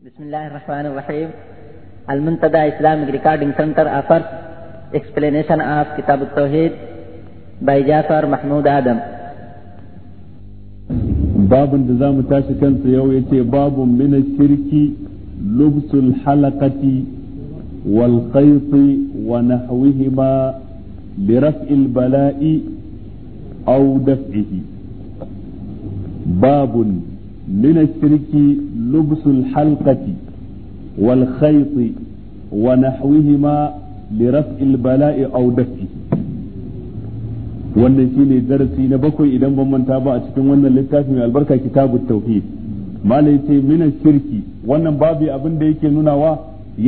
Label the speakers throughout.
Speaker 1: Bismillahirrahmanirrahim. Al-Muntada Islamic Recording Center offers explanation of Kitab al by Jafar Mahmood Adam. Babun da zamu mu tashi kansa yau ya ce babun mina shirki lubsul halakati wal khayfi wa nahwihima li raf'il bala'i aw daf'ihi babun mina kirki. لبس الحلقة والخيط ونحوهما لرفع البلاء أو دفعه wannan shine darasi na bakwai idan ban manta ba a cikin wannan littafin mai albarka kitabut tauhid malai ce mina shirki wannan babu abin da yake nunawa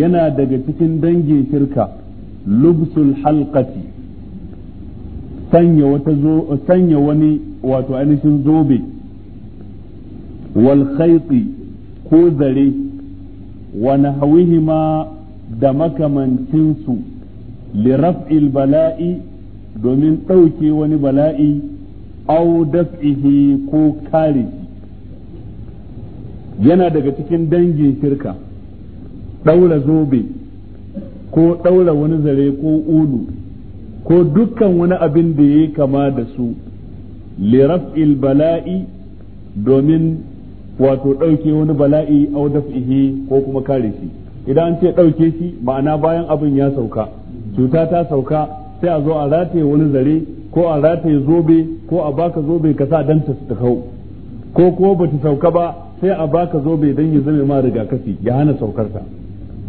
Speaker 1: yana daga cikin dangin shirka lubsul halqati sanya wata sanya wani wato ainihin zobe wal khayti ko zare wa nahwihima da makamancinsu li raf'il bala'i domin ɗauke wani bala'i au daf'ihi ko kare yana daga cikin dangin shirka ɗaura zobe ko ɗaura wani zare ko ulu ko dukkan wani abin da ya kama da su li raf'il bala'i domin wato ɗauke wani bala'i au daf'ihi ko kuma kare shi idan an ce ɗauke shi ma'ana bayan abin ya sauka cuta ta sauka sai a zo a rataye wani zare ko a rataye zobe ko a baka zobe ka sa dan ta hau ko ko bata sauka ba sai a baka zobe dan ya zame ma rigakafi ya hana saukarta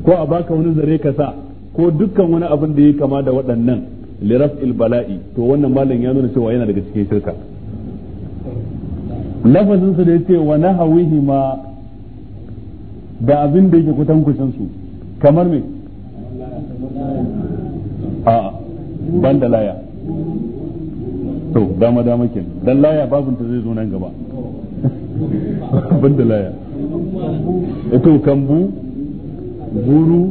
Speaker 1: ko a baka wani zare ka sa ko dukkan wani abin da ya kama da waɗannan il bala'i to wannan malam ya nuna cewa yana daga cikin shirka lafazin da da ce wa nahawihi ma da abin da yake kutan kusan su kamar me a ban da laya to dama dama ke dan laya babun ta zai zo nan gaba ban da laya e to kambu guru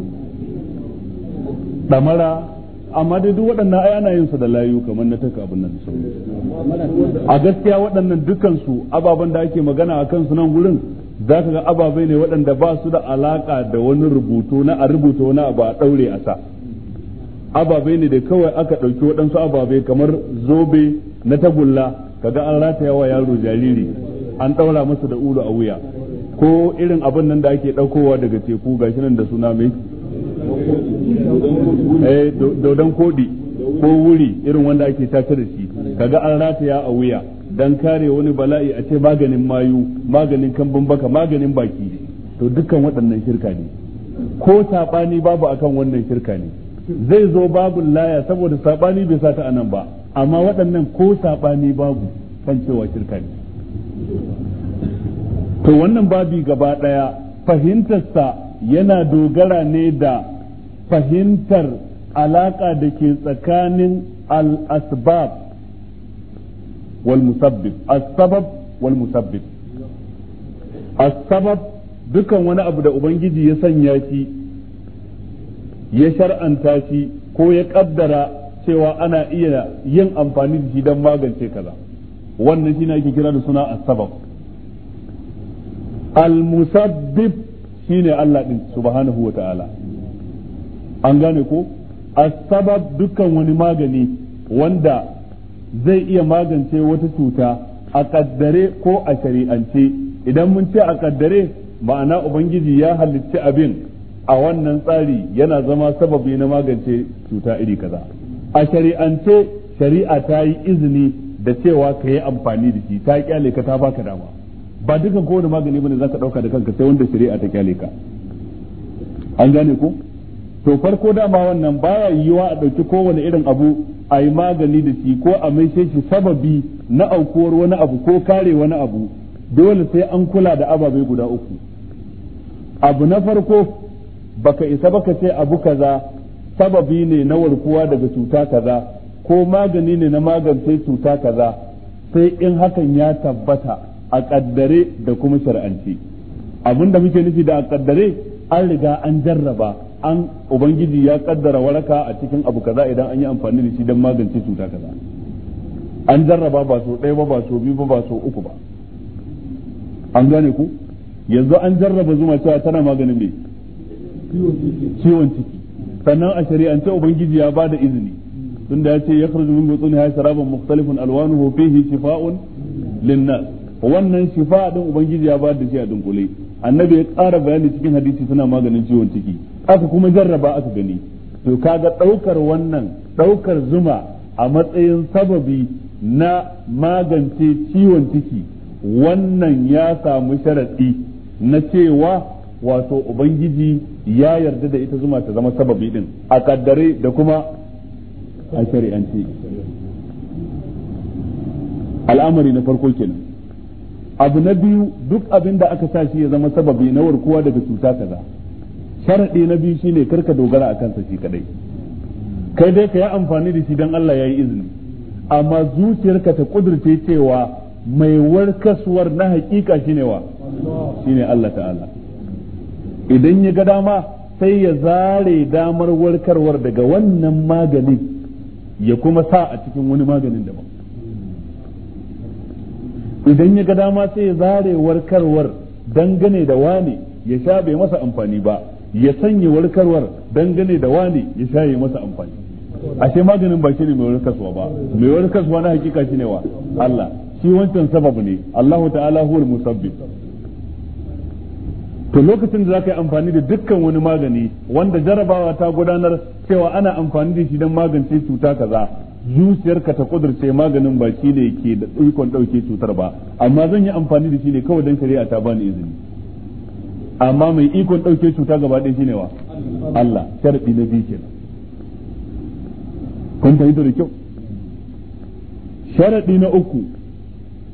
Speaker 1: damara amma dai duk waɗannan ai ana yin su da layu kamar na taka abin nan a gaskiya waɗannan dukkan su ababen da ake magana a kansu nan gurin za ka ga ababai ne waɗanda ba su da alaka da wani rubutu na a rubuta wani abu a ɗaure a sa ababai ne da kawai aka ɗauki waɗansu ababai kamar zobe na tagulla kaga an rataya wa yaro jariri an ɗaura masa da ulu a wuya ko irin abin nan da ake ɗaukowa daga teku gashi nan da suna mai eh dodon kodi ko wuri irin wanda ake tace da shi kaga an rataya a wuya dan kare wani bala'i a ce maganin mayu maganin kambun baka maganin baki to dukkan waɗannan shirka ne ko sabani babu akan wannan shirka ne zai zo babu laya saboda sabani bai sata anan ba amma waɗannan ko sabani babu kan cewa shirka ne to wannan babi gaba ɗaya fahimtarsa yana dogara ne da fahimtar alaƙa da ke tsakanin al-asbab wal musabbib asbab wal musabbib asbab dukan wani abu da ubangiji ya sanya shi ya shar'anta shi ko ya kaddara cewa ana iya yin amfani da shi don magance kaza wannan shi ne ake kira da suna asbab al-musabbib al-musabbib shine Allah din subhanahu ta’ala an gane ko asbab dukkan wani magani wanda zai iya magance wata cuta a kaddare ko a shari'ance idan mun ce a kaddare ma'ana ubangiji ya halicci abin a wannan tsari yana zama sababi na magance cuta iri kaza a shari'ance shari'a ta yi izini da cewa ka yi amfani da shi ta kyale ka ta baka dama ba dukan kowane magani bane zaka dauka da kanka sai wanda shari'a ta kyale ka an gane ko to farko dama wannan baya yiwa a dauki kowane irin abu a yi magani da shi ko a mai shi sababi na aukuwar wani abu ko kare wani abu dole sai an kula da ababe guda uku abu na farko baka isa baka ce abu kaza sababi ne na warkuwa daga cuta kaza ko magani ne na magance cuta kaza sai in hakan ya tabbata a kaddare da kuma shar'anci da muke nufi da a kaddare an riga an jarraba an ubangiji ya kaddara waraka a cikin abu kaza idan an yi amfani da shi don magance cuta kaza an jarraba ba so ɗaya ba ba so biyu ba ba so uku ba an gane ku yanzu an jarraba zuma cewa tana maganin me ciwon ciki sannan a shari'ance ubangiji ya bada izini tunda ya ce ya kharju min butuni ha sharabun mukhtalifun alwanuhu fihi shifaa'un lin wannan shifa din ubangiji ya bada da shi a dunkule annabi ya ƙara bayani cikin hadisi suna maganin ciwon ciki aka kuma jarraba aka gani to kaga ɗaukar wannan ɗaukar zuma a matsayin sababi na magance ciwon ciki wannan ya samu sharaɗi na cewa wato ubangiji ya yarda da ita zuma ta zama sababi din a kaddare da kuma a shari'ance al'amari na farko kenan abu na biyu duk abin da aka sa shi ya zama sababi na warkuwa daga cuta kaza sharaɗi na biyu shine karka dogara a kansa shi kadai kai dai ka yi amfani da shi don Allah ya yi izini amma zuciyarka ta kudurce cewa mai warkaswar na hakika shine wa shine Allah ta'ala idan ya ga dama sai ya zare damar warkarwar daga wannan maganin ya kuma sa a cikin wani maganin daban idan ya ga dama sai ya zare warkarwar dangane da wani ya sha bai masa amfani ba ya sanya warkarwar dangane da wani ya sha yi masa amfani ashe maganin ba shi ne mai warkaswa ba mai warkaswa na hakika shi ne wa Allah shi wancan sababu ne Allahu ta'ala huwal musabbib to lokacin da za ka yi amfani da dukkan wani magani wanda jarabawa ta gudanar cewa ana amfani da shi don magance cuta kaza zuciyarka ta kudurce maganin ba shi ne ke da ikon ɗauke cutar ba amma zan yi amfani da shi ne kawai don shari'a ta bani izini amma mai ikon ɗauke cuta gaba ɗaya ne wa Allah sharaɗi na biyu kenan kun ta da kyau sharaɗi na uku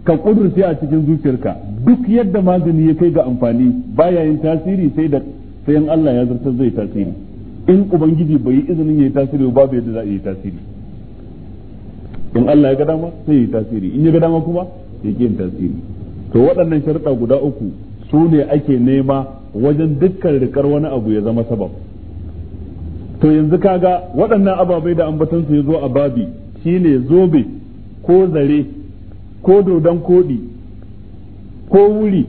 Speaker 1: ka kudurce a cikin zuciyarka duk yadda magani ya kai ga amfani baya yin tasiri sai da sayan Allah ya zartar zai tasiri in ubangiji bai yi izinin ya yi tasiri ba bai yadda za a yi tasiri in Allah ya ga dama sai ya yi tasiri in ya ga dama kuma ya yin tasiri to waɗannan sharɗa guda uku su ne ake nema wajen dukkan rikar wani abu ya zama sabab to yanzu kaga waɗannan ababai da ambatansu su ya zo a babi shine zobe ko zare ko dodon koɗi ko wuri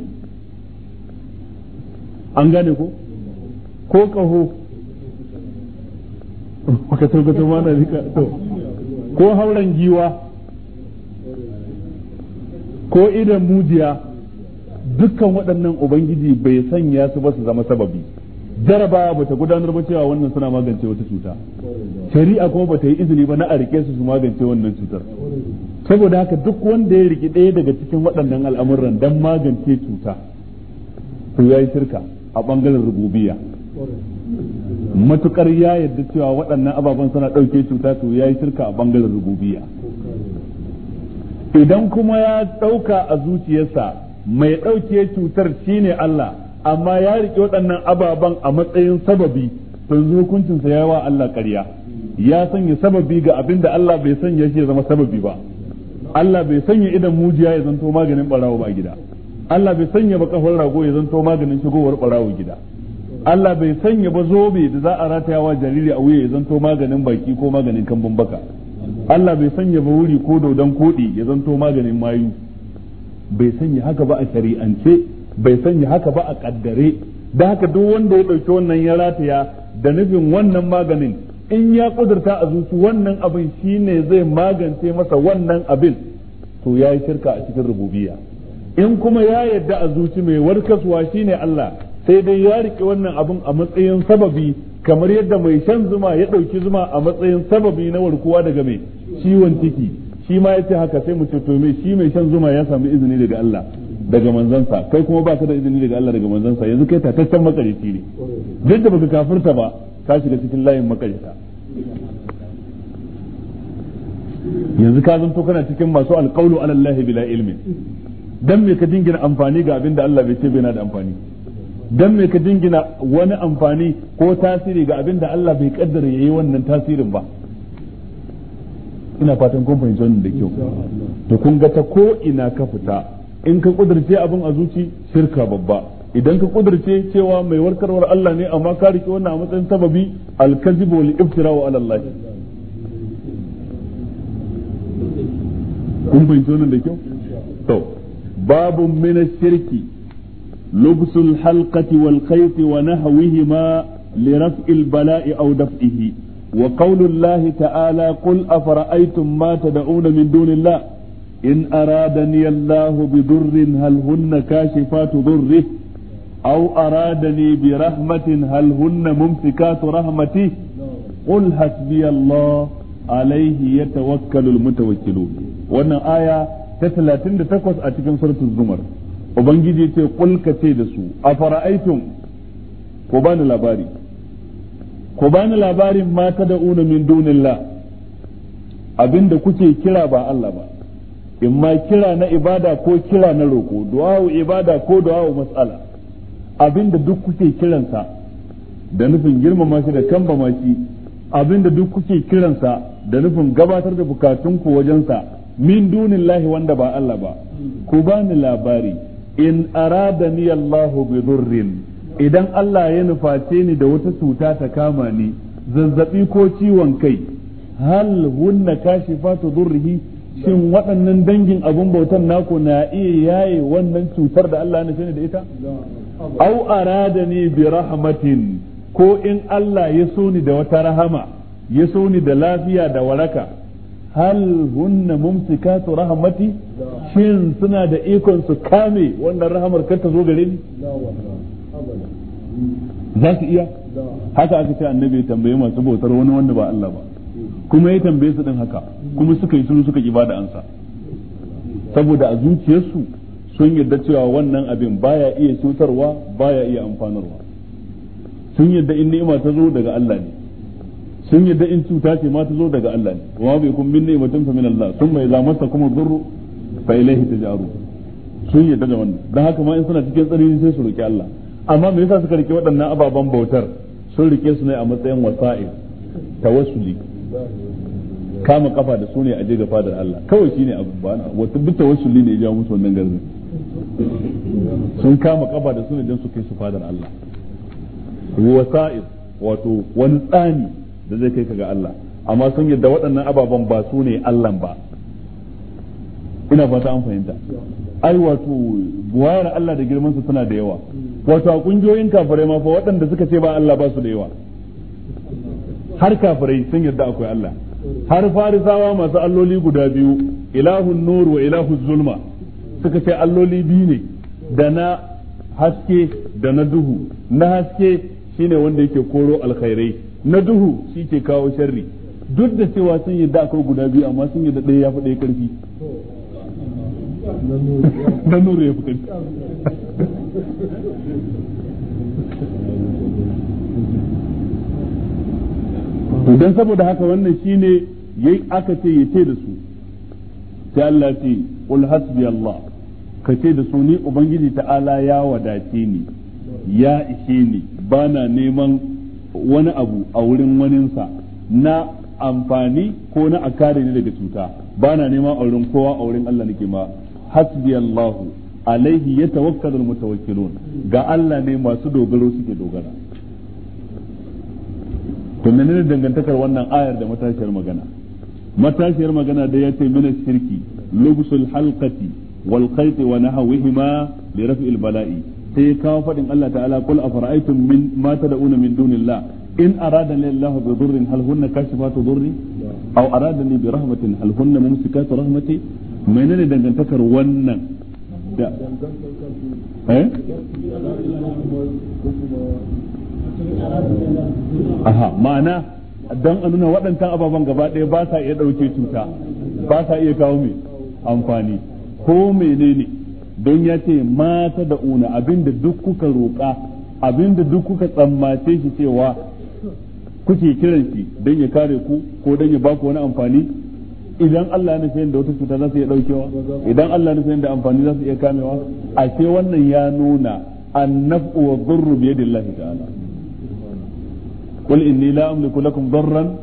Speaker 1: an gane ko ko ƙaho ka to ko hauran giwa ko idan mujiya dukkan waɗannan ubangiji bai sanya su ba su zama sababi jarabawa bata gudanar ba cewa wannan suna magance wata cuta shari'a kuma bata yi izini ba na a rike su su magance wannan cutar saboda haka duk wanda ya riki ɗaya daga cikin waɗannan al'amuran don magance cuta to ya yi shirka a ɓangaren rububiya matukar ya yarda cewa waɗannan ababen suna ɗauke cuta to ya yi shirka a bangaren rububiya idan kuma ya ɗauka a zuciyarsa mai ɗauke cutar shine Allah amma ya riƙe waɗannan ababen a matsayin sababi to yanzu hukuncinsa ya wa Allah ƙarya ya sanya sababi ga abin da Allah bai sanya shi ya zama sababi ba Allah bai sanya idan mujiya ya zanto maganin ɓarawo ba gida Allah bai sanya ba bakafar rago ya zanto maganin shigowar ɓarawo gida Allah bai sanya ba zobe da za a rataya wa jariri a wuya ya zanto maganin baki ko maganin kambun baka Allah bai sanya ba wuri ko dodon kodi ya zanto maganin mayu bai sanya haka ba a shari'ance bai sanya haka ba a kaddare da haka duk wanda ya ɗauki wannan ya rataya da nufin wannan maganin in ya kudurta a zuci wannan abin shine zai magance masa wannan abin to ya shirka a cikin rububiya in kuma ya yadda a zuci mai warkaswa shine Allah sai dai ya rike wannan abin a matsayin sababi kamar yadda mai shan zuma ya ɗauki zuma a matsayin sababi na warkuwa daga mai ciwon ciki shi ma ya ce haka sai mu ce to me shi mai shan zuma ya samu izini daga Allah daga manzansa kai kuma baka da izini daga Allah daga manzansa yanzu kai tataccen makarici ne duk da baka kafirta ba ka shiga cikin layin makarita yanzu ka zanto kana cikin masu alƙawlu ala Allah bila ilmin dan me ka dingina amfani ga abin da Allah bai ce bai na da amfani dan me ka jingina wani amfani ko tasiri ga abin da Allah bai kaddara yayi wannan tasirin ba ina fatan kun fahimci wannan da kyau to kun ga ta ko ina ka fita in ka kudurce abin a zuci shirka babba idan ka kudurce cewa mai warkarwar Allah ne amma ka rike wannan a matsayin sababi al-kadhib wal iftira wa Allah kun fahimci wannan da kyau to babu min shirki لبس الحلقة والخيط ونهوهما لرفع البلاء أو دفئه وقول الله تعالى قل أفرأيتم ما تدعون من دون الله إن أرادني الله بضر هل هن كاشفات ضره أو أرادني برحمة هل هن ممسكات رحمته قل حسبي الله عليه يتوكل المتوكلون وأن آية 38 a cikin suratul Zumar ubangiji ce kul ka ce da su a fara'aitun ko bani labari ko bani labarin ma una min dunilla abinda kuke kira ba Allah ba ma kira na ibada ko kira na roko du'a'u ibada ko du'a'u mas'ala abinda duk kuke kiransa da nufin girmama shi da ma shi abinda duk kuke kiransa da nufin gabatar da bukatunku wajensa min dunillahi wanda ba Allah ba ku bani labari in aradani Allahu bi durrin idan Allah ya nuface ni da wata cuta ta kama ni zazzabi ko ciwon kai hal hunna kashifatu durrihi shin waɗannan dangin abun bautan nako na iya yaye wannan cutar da Allah ya ni da ita au aradani bi rahmatin ko in Allah ya so ni da wata rahama ya so ni da lafiya da waraka hal hunna mumsikatu rahmati shin suna da ikon su kame wannan rahamar kar ta zo gare ni za su iya haka aka ce annabi ya tambaye masu bautar wani wanda ba Allah ba kuma ya tambaye su din haka kuma suka yi sunu suka ibada ansa saboda a zuciyarsu sun yarda cewa wannan abin baya iya cutarwa baya iya amfanarwa sun yarda in ni'ima ta zo daga Allah ne sun yadda in cuta ce ma ta zo daga Allah ne kuma bai kun min ni'matin fa min Allah sun mai zamanta kuma zurru fa ilaihi tajaru sun yadda da wannan dan haka ma in suna cikin tsari sai su roki Allah amma me yasa suka rike waɗannan ababen bautar sun rike su ne a matsayin wasa'il tawassuli kama kafa da su ne a jiga ga fadar Allah kawai shine abu ba wata duk tawassuli ne ya jawo musu wannan garin. sun kama kafa da su ne don su kai su fadar Allah wasa'il wato wani tsani da zai kai ka ga Allah amma sun yadda waɗannan ababen ba su ne Allah ba ina fata an fahimta ai wato buwayar Allah da girman su suna da yawa wato a kungiyoyin kafirai ma fa waɗanda suka ce ba Allah ba su da yawa har kafirai sun yarda akwai Allah har farisawa masu alloli guda biyu ilahun nur wa ilahun zulma suka ce alloli biyu ne da na haske da na duhu na haske shine wanda yake koro alkhairai na duhu shi ke kawo sharri duk da cewa sun yadda akwai guda biyu amma sun yadda ɗaya ya fi ɗaya ƙarfi na nuru ya fi ƙarfi don saboda haka wannan shi ne yayi aka ce ya ce da su sai Allah ce qul Allah ka ce da su ni ubangiji ta'ala ya wadace ni ya ishe ni bana neman wani abu a wurin waninsa na amfani ko na a kare ni daga cuta ba na neman wurin kowa a wurin Allah nake ma hasbi Allah alaihi ya yatawakkalu mutawakkilun ga Allah ne masu dogaro suke dogara to menene dangantakar wannan ayar da matashiyar magana matashiyar magana da yace mina shirki lubsul halqati wal khayt wa nahawihima li raf'il bala'i sai kawo faɗin Allah ta'ala qul afara'aytum min ma tad'una min dunillah in arada li Allah bi dhurrin hal hunna kashifatu dhurri aw arada li bi rahmatin hal hunna mumsikatu rahmati menene dangantakar wannan da eh aha ma'ana dan a nuna waɗancan ababen gaba ɗaya ba sa iya ɗauke cuta ba sa iya kawo mai amfani ko menene ne don ya ce mata da una abinda duk kuka roƙa abinda duk kuka tsammace shi cewa kuke kiran shi don ya kare ku ko don ya baku wani amfani idan Allah ya nufi da wata cuta za su iya ɗaukewa idan Allah ya nufi da amfani za su iya kamewa a ce wannan ya nuna annaf'u wa dhurru bi yadillahi ta'ala qul inni la amliku lakum darran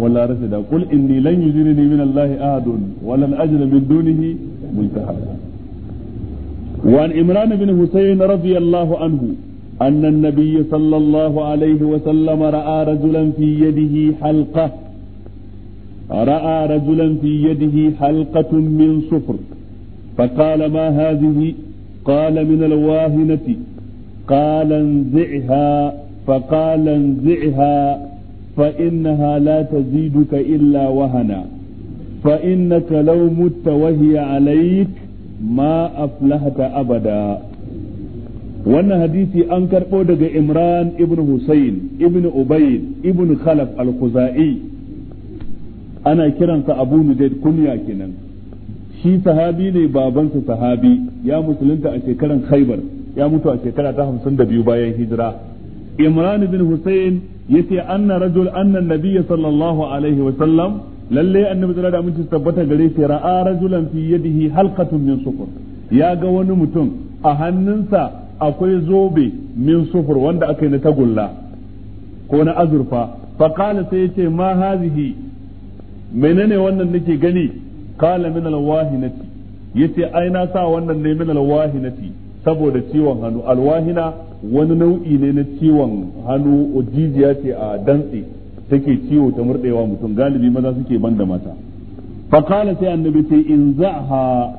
Speaker 1: wala rashada qul inni lan yujrini min Allah ahadun wa lan ajida min dunihi multahada وعن عمران بن حسين رضي الله عنه أن النبي صلى الله عليه وسلم رأى رجلا في يده حلقة رأى رجلا في يده حلقة من صفر فقال ما هذه قال من الواهنة قال انزعها فقال انزعها فإنها لا تزيدك إلا وهنا فإنك لو مت وهي عليك ma aflahata abada wannan hadisi an karɓo daga imran ibn husayn ibn ubayd ibn khalaf al-khuzai ana kiransa abu nujaid kunya kenan shi sahabi ne babansa sahabi ya musulunta a shekaran khaybar ya mutu a shekara ta hamsin da biyu bayan hijira imran ibn husayn yace anna rajul anna nabiyya sallallahu alaihi wa sallam lalle annabi tsara da aminci tabbata gare shi ra'a rajulan fi yadihi halqatun min sufur ya ga wani mutum a hannunsa akwai zobe min sufur wanda aka yi na tagulla ko na azurfa fa qala sai yace ma hazihi menene wannan nake gani qala min alwahinati yace ai na sa wannan ne min alwahinati saboda ciwon hannu alwahina wani nau'i ne na ciwon hannu ojijiya ce a dantse take ciwo ta murɗewa mutum galibi maza suke ban da mata fakala sai annabi ce in za'ha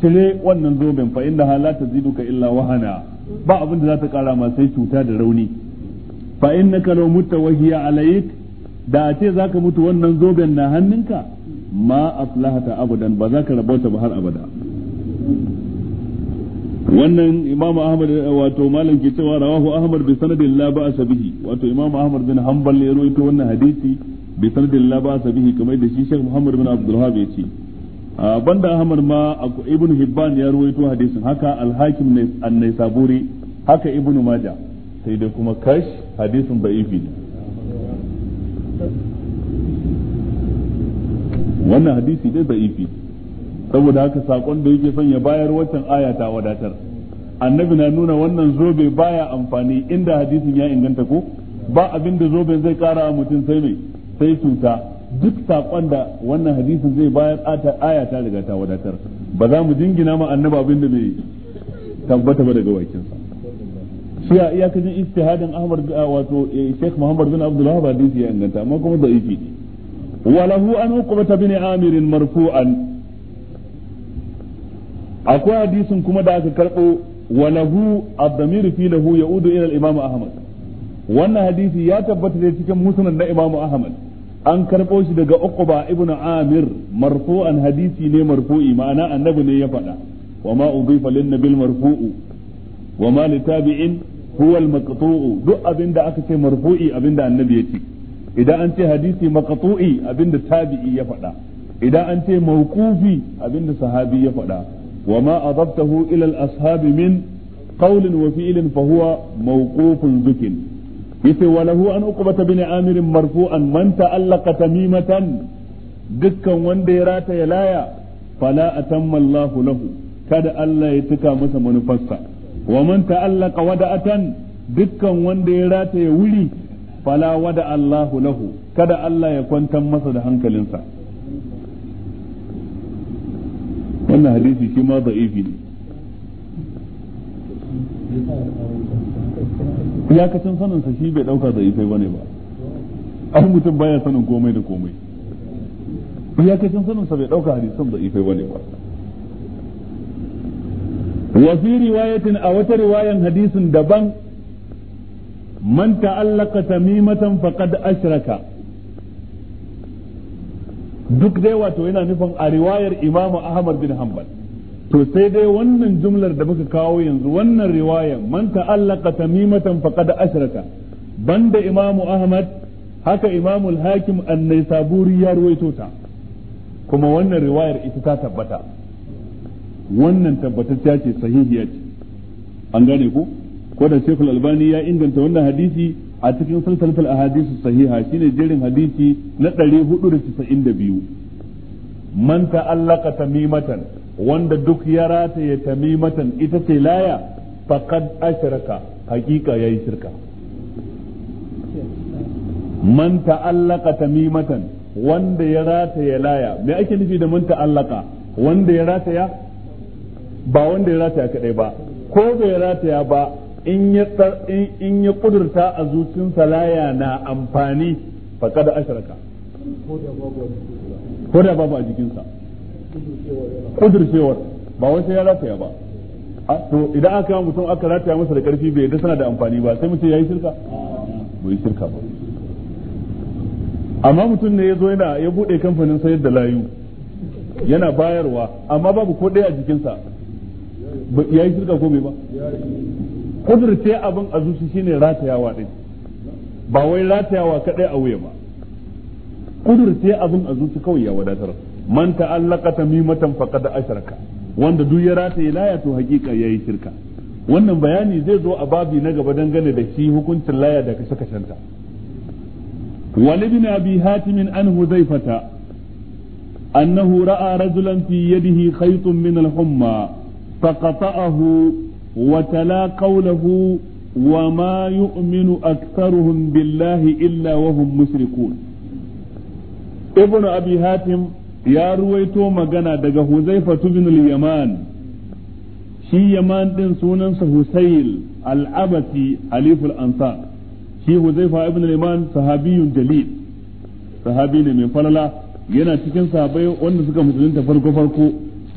Speaker 1: cire wannan zoben fa inna zidu ka illa wahana ba abin da za ta kara ma sai cuta da rauni fa innaka law mutta wa hiya alayk da a ce zaka mutu wannan zoben na hannunka ma aflahata abadan ba za ka ba har abada wannan imamu ahmad wato malam ke cewa rawahu ahmad bi sanadin la ba'sa bihi wato imamu ahmad bin hanbal ya rawaito wannan hadisi bi sanadin la ba'sa bihi kamar da shi Sheikh Muhammad bin Abdul wahab ya ce banda ahmad ma ibnu Hibban ya rawaito hadisin haka al-Hakim ne an-Naisaburi haka ibnu maja. sai dai kuma kash hadisin da'ifi ne wannan hadisi dai da'ifi ne saboda haka sakon da yake son ya bayar waccan aya ta wadatar annabi na nuna wannan zobe baya amfani inda hadisin ya inganta ko ba abin da zoben zai kara a mutum sai mai sai cuta duk sakon da wannan hadisin zai bayar aya ta riga ta wadatar ba za mu jingina ma annabi abin da bai tabbata ba daga wakin shi a iyakacin istihadin ahmar wato eh, sheikh muhammad bin abdullahi hadisi ya inganta amma kuma da ifi walahu an hukumata bin amir marfu'an akwai hadisin kuma da aka karbo walahu ad-damir fi lahu yaudu ila al-imam ahmad wannan hadisi ya tabbata da cikin musnad na imam ahmad an karbo shi daga uqba ibn amir marfu'an hadisi ne marfu'i ma'ana annabi ne ya faɗa wa ma udifa lin nabil marfu'u wa ma li tabi'in huwa al-maqtu'u duk abinda aka ce marfu'i abinda annabi ya ce idan an ce hadisi maqtu'i abinda tabi'i ya faɗa idan an ce mawqufi abinda sahabi ya faɗa وما أضفته إلى الأصحاب من قول وفعل فهو موقوف ذك yace walahu an uqbata bin amir marfu'an man ta'allaqa tamimatan dukkan wanda ya rata ya laya fala atamma Allahu lahu kada Allah ya tuka masa manufarsa wa man ta'allaqa wada'atan dukkan wanda ya rata ya wuri fala wada Allahu lahu kada Allah ya kwantar masa da hankalinsa wannan hadisi shi ma da'ifi ne ya iyakacin saninsa shi bai dauka da'ifai bane ba ai mutum baya sanin komai da komai ya iyakacin saninsa bai dauka hadisan da'ifai bane ba wa fi riwayatin a wata riwayan hadisin daban man allaka tamimatan faqad ashraka duk dai wato yana nufin a riwayar imamu ahmad bin hanbal to sai dai wannan jumlar da muka kawo yanzu wannan riwayar man ta'allaka tamimatan faqad ashraka banda imamu ahmad haka imamu al-hakim an-naisaburi ya ruwaito ta kuma wannan riwayar ita ta tabbata wannan tabbatacciya ce sahihiya ce an gane ko ko da shekul albani ya inganta wannan hadisi a cikin a hadisu sahiha shine jerin hadisi na 492 man ta'allaqa tamimatan wanda duk ya ya tamimatan ita ce laya faqad ashraka hakika yayi shirka man ta'allaqa tamimatan wanda ya ya laya me ake nufi da man ta'allaka wanda ya rataya ba wanda ya rataya kadai ba ko bai rataya ba in ya kudurta a zucin salaya na amfani da ashirka ko da babu a jikinsa kudurcewar ba wai sai ya rataya ba to idan aka yi mutum aka rataya masa da karfi bai yadda sana da amfani ba sai mutum ya yi shirka bai shirka ba amma mutum ne ya zo yana ya bude kamfanin sayar da layu yana bayarwa amma babu ko ɗaya a jikinsa ya yi shirka ko bai ba kudurce abin a zuci shine ratayawa din ba wai ratayawa kaɗai a wuya ba kudurce abin a zuci kawai ya wadatar man ta'allaka tamimatan da asharaka wanda duk ya rataye laya to hakika yayi shirka wannan bayani zai zo a babi na gaba dangane da shi hukuncin laya da kashe kashenta walibin abi hatimin an huzaifata annahu ra'a rajulan fi yadihi khaytun min al-humma faqata'ahu وتلا قوله وما يؤمن أكثرهم بالله إلا وهم مشركون ابن أبي هاتم يا رويتو مغانا دقا حزيفة بن اليمان شي يمان دين سوننس حسيل العبسي أليف الأنصار شي حزيفة ابن اليمان صحابي جليل صحابي من فللا yana cikin sahabbai wanda suka musulunta farko farko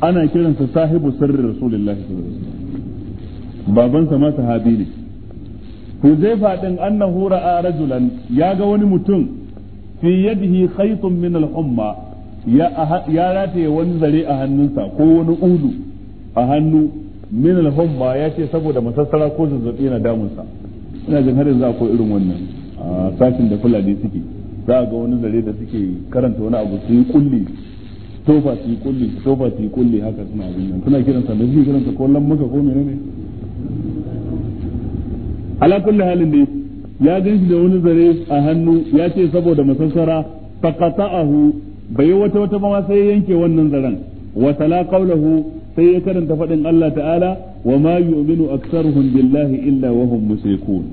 Speaker 1: ana kiransa sahibu sirri rasulullahi sallallahu alaihi wasallam babansa ma sahabi ne huzaifa din annahu ra'a rajulan ya ga wani mutum fi yadihi khaytun min al-umma ya rataye wani zare a hannunsa ko wani udu a hannu min al-humma ya ce saboda masassara ko zazzabi na damunsa ina jin har yanzu akwai irin wannan a sashin da fulani suke za ga wani zare da suke karanta wani abu su yi kulli tofa su yi kulli tofa su yi kulli haka suna abin nan suna kiransa da su kiransa ko muka ko menene ala kulli halin ne ya ganshi da wani zare a hannu ya ce saboda masassara faqata'ahu bai wata wata ba sai yanke wannan zaren wa tala qawluhu sai ya karanta fadin Allah ta'ala wa ma yu'minu aktsaruhum billahi illa wa hum musrikun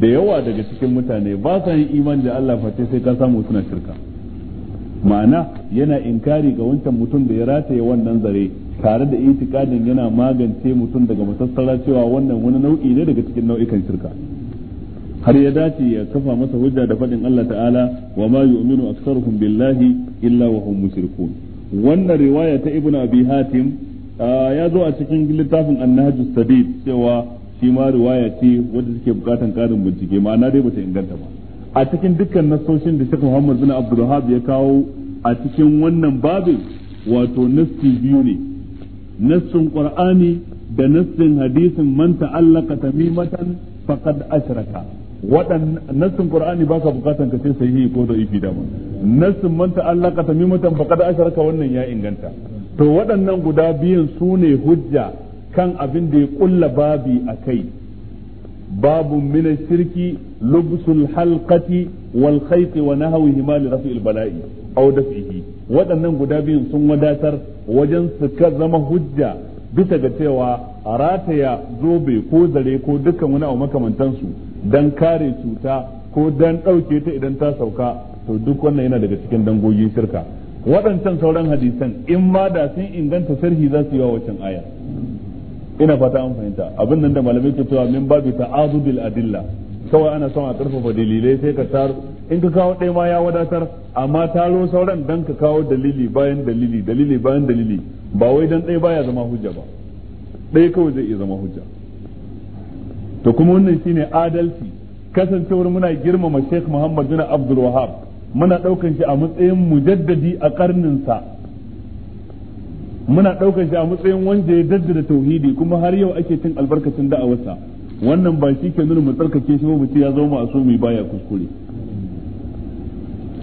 Speaker 1: da yawa daga cikin mutane ba sa yin imani da Allah face sai ka samu suna shirka ma'ana yana inkari ga wancan mutum da ya rataye wannan zare tare da itikadin yana magance mutum daga matassara cewa wannan wani nau'i ne daga cikin nau'ikan shirka har ya dace ya kafa masa hujja da faɗin Allah ta'ala wa ma yu'minu aktsaruhum billahi illa wa hum mushrikun wannan riwaya ta ibnu abi hatim ya zo a cikin littafin annahajus sadid cewa shi ma riwaya ce wadda take bukatan karin bincike ma'ana dai bata inganta ba a cikin dukkan nasoshin da Sheikh Muhammad bin Abdul ya kawo a cikin wannan babin wato nasti biyu ne nassin qur'ani da nassin hadisin man ta'allaka tamimatan faqad ashraka wadan nassin qur'ani baka bukatan ka sai sahihi ko da ifi dama nassin man ta'allaka tamimatan faqad ashraka wannan ya inganta to waɗannan guda biyun su ne hujja kan abin da ya ƙulla babi a kai babu min shirki lubsul halkati, wal khayt wa nahwihi raf'il bala'i aw daf'ihi waɗannan guda biyun sun wadatar wajen su ka zama hujja bisa ga cewa a rataya zobe ko zare ko dukkan wani abu makamantansu don kare cuta ko don ɗauke ta idan ta sauka to duk wannan yana daga cikin dangogin shirka waɗancan sauran hadisan in ma da sun inganta sharhi za su yi wa waccan aya ina fata an fahimta abin nan da malamai ke cewa min babu ta adilla kawai ana son a karfafa dalilai sai ka in ka kawo ɗaya ma ya wadatar amma taro sauran dan ka kawo dalili bayan dalili dalili bayan dalili ba wai dan ɗaya baya zama hujja ba ɗaya kawai zai iya zama hujja to kuma wannan shine adalci kasancewar muna girmama Sheikh Muhammad bin Abdul Wahab muna ɗaukan shi a matsayin mujaddadi a karnin sa muna ɗaukan shi a matsayin wanda ya daddada tauhidi kuma har yau ake cin albarkacin da'awarsa wannan ba shi ke nuna mu tsarkake shi ba mu ce ya zama mai baya kuskure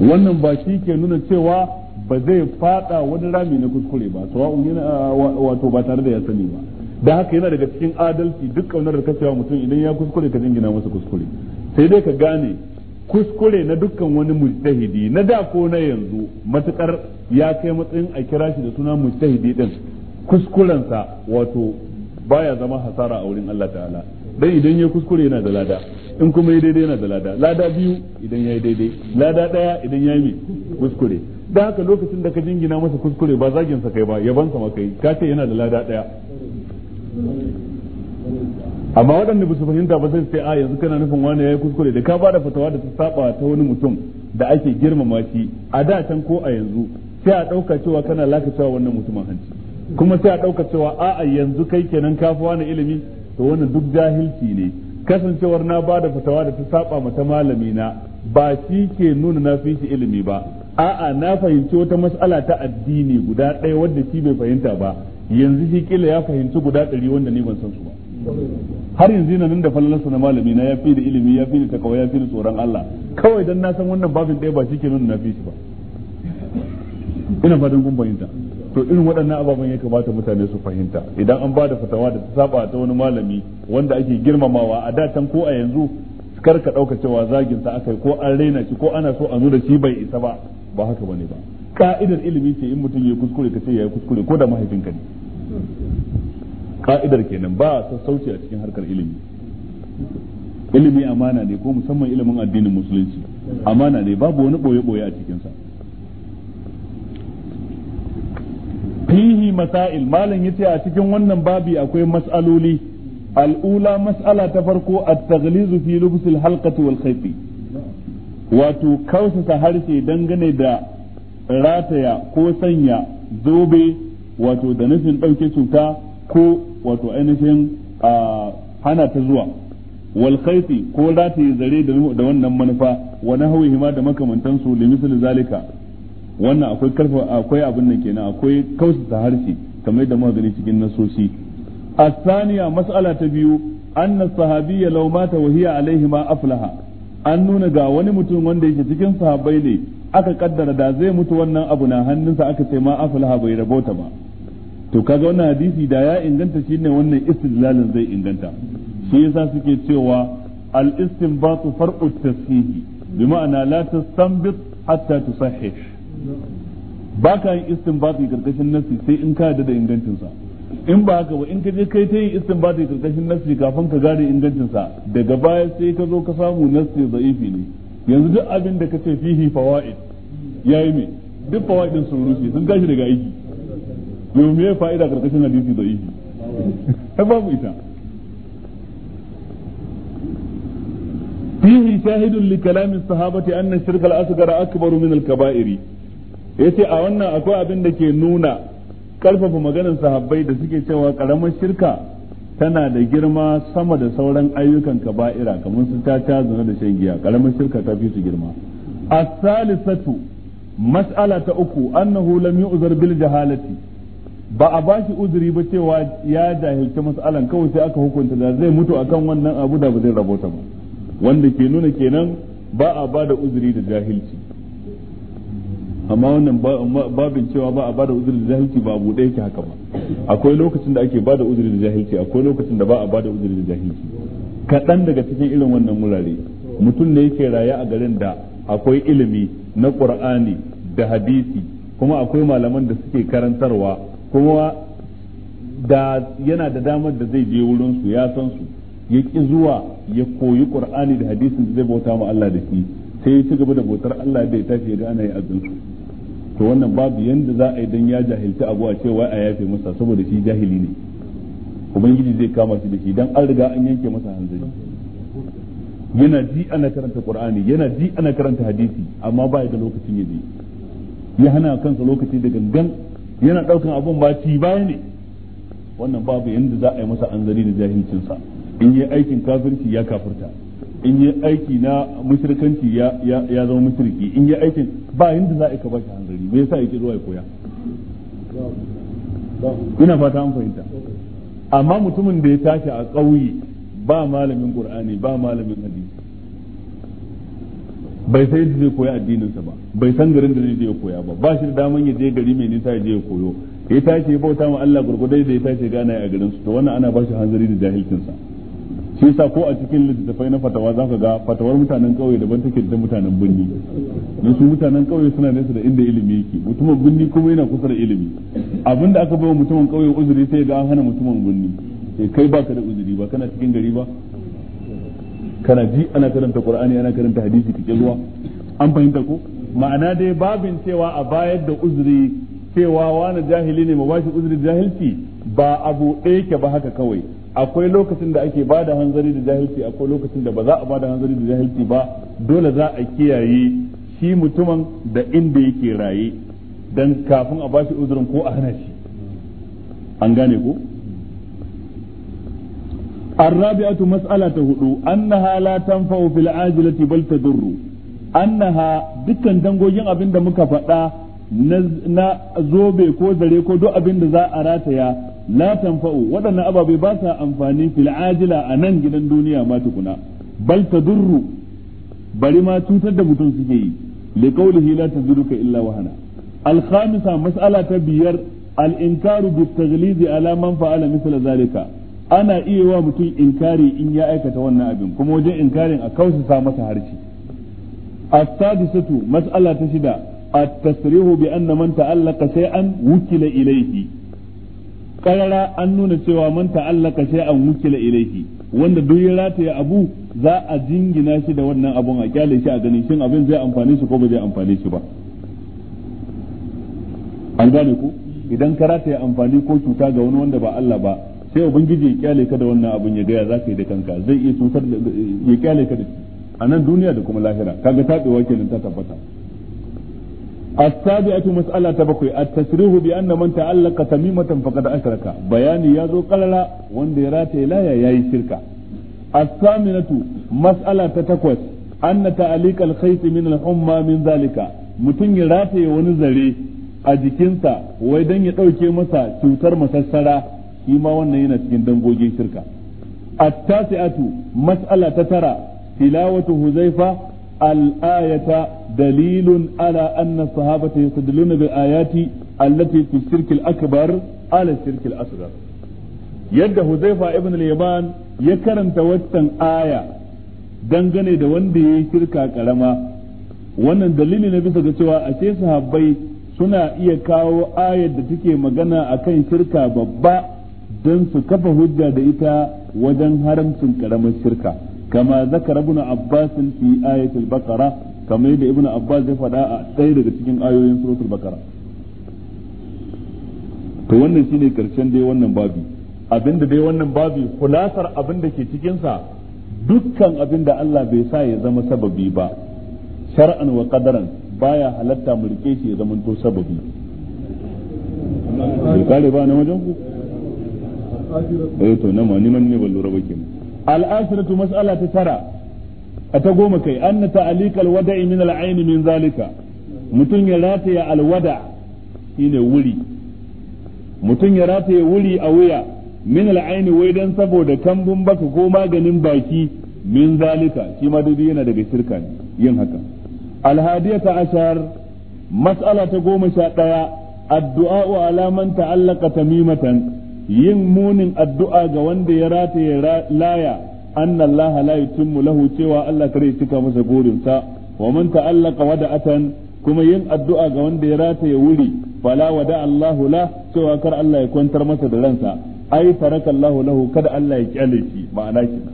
Speaker 1: wannan ba shi ke nuna cewa ba zai fada wani rami na kuskure ba sawa'un wato ba tare da ya sani ba da haka yana daga cikin adalci duk kaunar da kasewa mutum idan ya kuskure ka jingina masa kuskure sai dai ka gane kuskure na dukkan wani mujtahidi na da ko na yanzu matukar ya kai matsayin a kira shi da suna mujtahidi din kuskurensa wato baya zama hasara a wurin Allah ta'ala dan idan ya kuskure yana da lada in kuma ya daidai yana da lada lada biyu idan ya yi daidai lada daya idan ya yi kuskure da haka lokacin da ka jingina masa kuskure ba zagin sa kai ba yaban sa maka ka ce yana da lada daya amma waɗanda ba fahimta ba sai sai a yanzu kana nufin wani yayi kuskure da ka bada fatawa da ta saba ta wani mutum da ake girmama shi a da can ko a yanzu sai a ɗauka cewa kana lakacewa wannan mutumin hanci kuma sai a ɗauka cewa a'a yanzu kai kenan kafuwa na ilimi to wannan duk jahilci ne kasancewar na bada fatawa da ta saba mata malami na ba shi ke nuna na fi shi ilimi ba a'a na fahimci wata mas'ala ta addini guda ɗaya wanda shi bai fahimta ba yanzu shi kila ya fahimci guda ɗari wanda ni ban san su ba har yanzu na nan da falalarsa na malami na ya fi da ilimi ya fi da takawa ya fi da tsoron Allah kawai dan na san wannan babin ɗaya ba shi ke nuna na fi shi ba ina fatan kun fahimta to irin waɗannan ababen ya kamata mutane su fahimta idan an ba da fatawa da ta saba ta wani malami wanda ake girmamawa a da can ko a yanzu kar ka ɗauka cewa zagin sa aka yi ko an raina shi ko ana so a nuna shi bai isa ba ba haka bane ba ka'idar ilimi ce in mutum ya kuskure ka ce ya kuskure ko da mahaifinka ne ka'idar kenan ba a sassauci a cikin harkar ilimi ilimi amana ne ko musamman ilimin addinin musulunci amana ne babu wani boye-boye a cikinsa fihi masail malam yace a cikin wannan babi akwai mas'aloli al'ula mas'ala ta farko at-taghlizu fi lubs al-halqati wal khayfi wato kausasa harshe dangane da rataya ko sanya zobe wato da nufin ɗauke cuta ko wato ainihin hana ta zuwa wal khayfi ko rataye zare da wannan manufa wa nahwihi ma da makamantansu limisal zalika wannan akwai karfa akwai abin da kenan akwai kausa harshe kamar da magani cikin nasoshi الثانية مسألة تبيو أن الصحابي لو مات وهي alaihi ma aflaha an nuna ga wani mutum wanda yake cikin sahabbai ne aka kaddara da zai mutu wannan abu na hannunsa aka ce ma aflaha bai rabota ba to kaga wannan hadisi da ya inganta shine wannan istidlalin zai inganta shi yasa suke cewa al istinbatu far'u tasihi bi ma'ana la tastanbit hatta tusahih ba ka yin istinbati karkashin nasi sai in ka yadda da ingancinsa in ba haka ba in ka je kai ta yin istinbati karkashin nasi kafin ka gane ingancinsa daga baya sai ka zo ka samu da za'ifi ne yanzu duk abin da ka ce fihi fawaid yayi me duk fawaidin sun rushe sun gashi daga aiki yau me fa'ida karkashin hadisi za'ifi ai babu ita فيه شاهد لكلام الصحابة أن الشرك الأصغر أكبر من الكبائر ya ce a wannan akwai abin da ke nuna karfafa maganar sahabbai da suke cewa ƙaramar shirka tana da girma sama da sauran ayyukan kaba'ira kamar su ta ta zuna da shan giya ƙaramar shirka ta fi su girma as-salisatu mas'ala ta uku annahu lam yu'zar bil jahalati ba a bashi uzuri ba cewa ya jahilci mas'alan kawai sai aka hukunta da zai mutu akan wannan abu da ba zai rabota ba wanda ke nuna kenan ba a ba da uzuri da jahilci amma wannan babin cewa ba a bada uzurin jahilci ba abu ɗaya yake haka ba akwai lokacin da ake bada uzurin da jahilci akwai lokacin da ba a bada uzurin jahilci kaɗan daga cikin irin wannan wurare mutum ne yake raya a garin da akwai ilimi na qur'ani da hadisi kuma akwai malaman da suke karantarwa kuma da yana da damar da zai je wurin su ya san su ya ki zuwa ya koyi ƙurani da hadisin da zai bauta ma Allah da shi sai ya ci gaba da bautar Allah da ya tafi ya ana yi azin to wannan babu yanda za a yi dan ya jahilta abu a cewa a yafe masa saboda shi jahili ne ubangiji zai kama shi da shi dan an riga an yanke masa hanzari yana ji ana karanta qur'ani yana ji ana karanta hadisi amma ba da lokacin ya ya hana kansa lokaci da gangan yana daukan abun ba ci baya ne wannan babu yanda za a yi masa anzari da jahilcinsa in yi aikin kafirci ya kafirta in yi aiki na mushrikanci ya ya zama mushriki in yi aikin ba yanda za a ka bashi hanzari me yasa yake zuwa ya koya ina fata an fahimta amma mutumin da ya tashi a ƙauye ba malamin qur'ani ba malamin hadisi bai sai da zai koya addininsa ba bai san garin da zai je ya koya ba ba shi da daman ya je gari mai nisa ya je ya koyo ya tashi ya bauta ma Allah gurgudai da ya tashi gana a garin su to wannan ana ba shi hanzari da jahilcinsa shi yasa ko a cikin littattafai na fatawa za ka ga fatawar mutanen kauye daban take da mutanen birni don su mutanen kauye suna nesa da inda ilimi yake mutumin birni kuma yana kusa da ilimi abinda aka bai wa mutumin kauye uzuri sai ga an hana mutumin birni sai eh, kai ka da uzuri ba kana cikin gari ba kana ji ana karanta qur'ani ana karanta hadisi kike zuwa an fahimta ko ma'ana dai babin cewa a bayar da uzuri cewa wani jahili ne ma bashi uzuri jahilci ba abu ɗaya ke ba haka kawai akwai lokacin da ake ba da hanzari da jahilci akwai lokacin da ba za a ba da hanzari da jahilci ba dole za a kiyaye shi mutumin da inda yake raye don kafin a bashi uzurin ko a hana shi an gane ko الرابعة مسألة هدو أنها لا تنفع في العاجلة بل تضر أنها دكا دنجوجين أبن muka faɗa na zobe ko zare ko duk abin da za a rataya la tanfa'u waɗannan ababai ba sa amfani fil ajila a nan gidan duniya ma tukuna bal tadurru bari ma cutar da mutum suke yi li qawlihi la taduruka illa wahana al mas'ala ta biyar al inkaru bit taghlizi ala man fa'ala misla zalika ana iya wa mutum inkari in ya aikata wannan abin kuma wajen inkarin a kausa masa harshe as-sadisatu mas'ala ta shida at-tasrihu bi manta man sai an wukila ilayhi karara an nuna cewa man ta'allaka an wukila ilayhi wanda duk ya rataya abu za a jingina shi da wannan abun a kyale shi a ganin shin abin zai amfane shi ko ba zai amfane shi ba an gane ku idan ka rataya amfani ko cuta ga wani wanda ba Allah ba sai ubangiji ya kyale ka da wannan abun ya gaya zaka yi da kanka zai iya cutar ya kyale ka da a nan duniya da kuma lahira kaga tabewa kenan ta tabbata السابعة مسألة تبقي التشريح بأن من تعلق تميمة فقد أشرك بياني يازو قللا وانديرات لا ياي شركة الثامنة مسألة تتكوت أن تعليق الخيط من الحمى من ذلك mutum ya rataye wani zare a jikinsa wai don ya ɗauke masa cutar masassara shima ma wannan yana cikin dangogin shirka at-tasi'atu mas'ala ta tara tilawatu huzaifa الآية دليل على أن dalilun يستدلون Ayati, التي في الشرك الأكبر على الشرك الأصغر yadda Huzaifa ibn al-Yaman ya karanta waccan aya dangane da wanda ya yi shirka karama wannan dalili na bisa ga cewa ashe sahabbai suna iya kawo ayar da take magana akan shirka babba don su kafa hujja da ita wajen haramcin karamar shirka kama zakara ibn abbas fi ayatul baqara kamar yadda ibn abbas ya faɗa a ɗaya daga cikin ayoyin suratul baqara to wannan shine karshen dai wannan babi abinda dai wannan babi kulasar abin ke cikinsa dukkan abinda Allah bai sa ya zama sababi ba shar'an wa qadaran baya halatta mulke rike shi ya zama to sababi bai kare na wajen ku eh ma ni man ne ban lura ba kenan al'asiratu mas'ala ta tara a ta goma kai anna ta'alikal wada'i min al'ain min zalika mutum ya rataya alwada shine wuri mutum ya rataya wuri a wuya min al'ain wai dan saboda kambun baka ko maganin baki min zalika shi ma dai yana daga shirka ne yin haka alhadiyata ashar mas'ala ta goma sha daya addu'a wa alaman ta'allaqa tamimatan yin munin addu'a ga wanda ya rataye laya anna Allah la yutimmu lahu cewa Allah kare cika masa gurinsa wa man ta'allaqa wada'atan kuma yin addu'a ga wanda ya rataye wuri fala wada Allahu la cewa kar Allah ya kwantar masa da ransa ai faraka Allahu lahu kada Allah ya kyale shi ma'ana kenan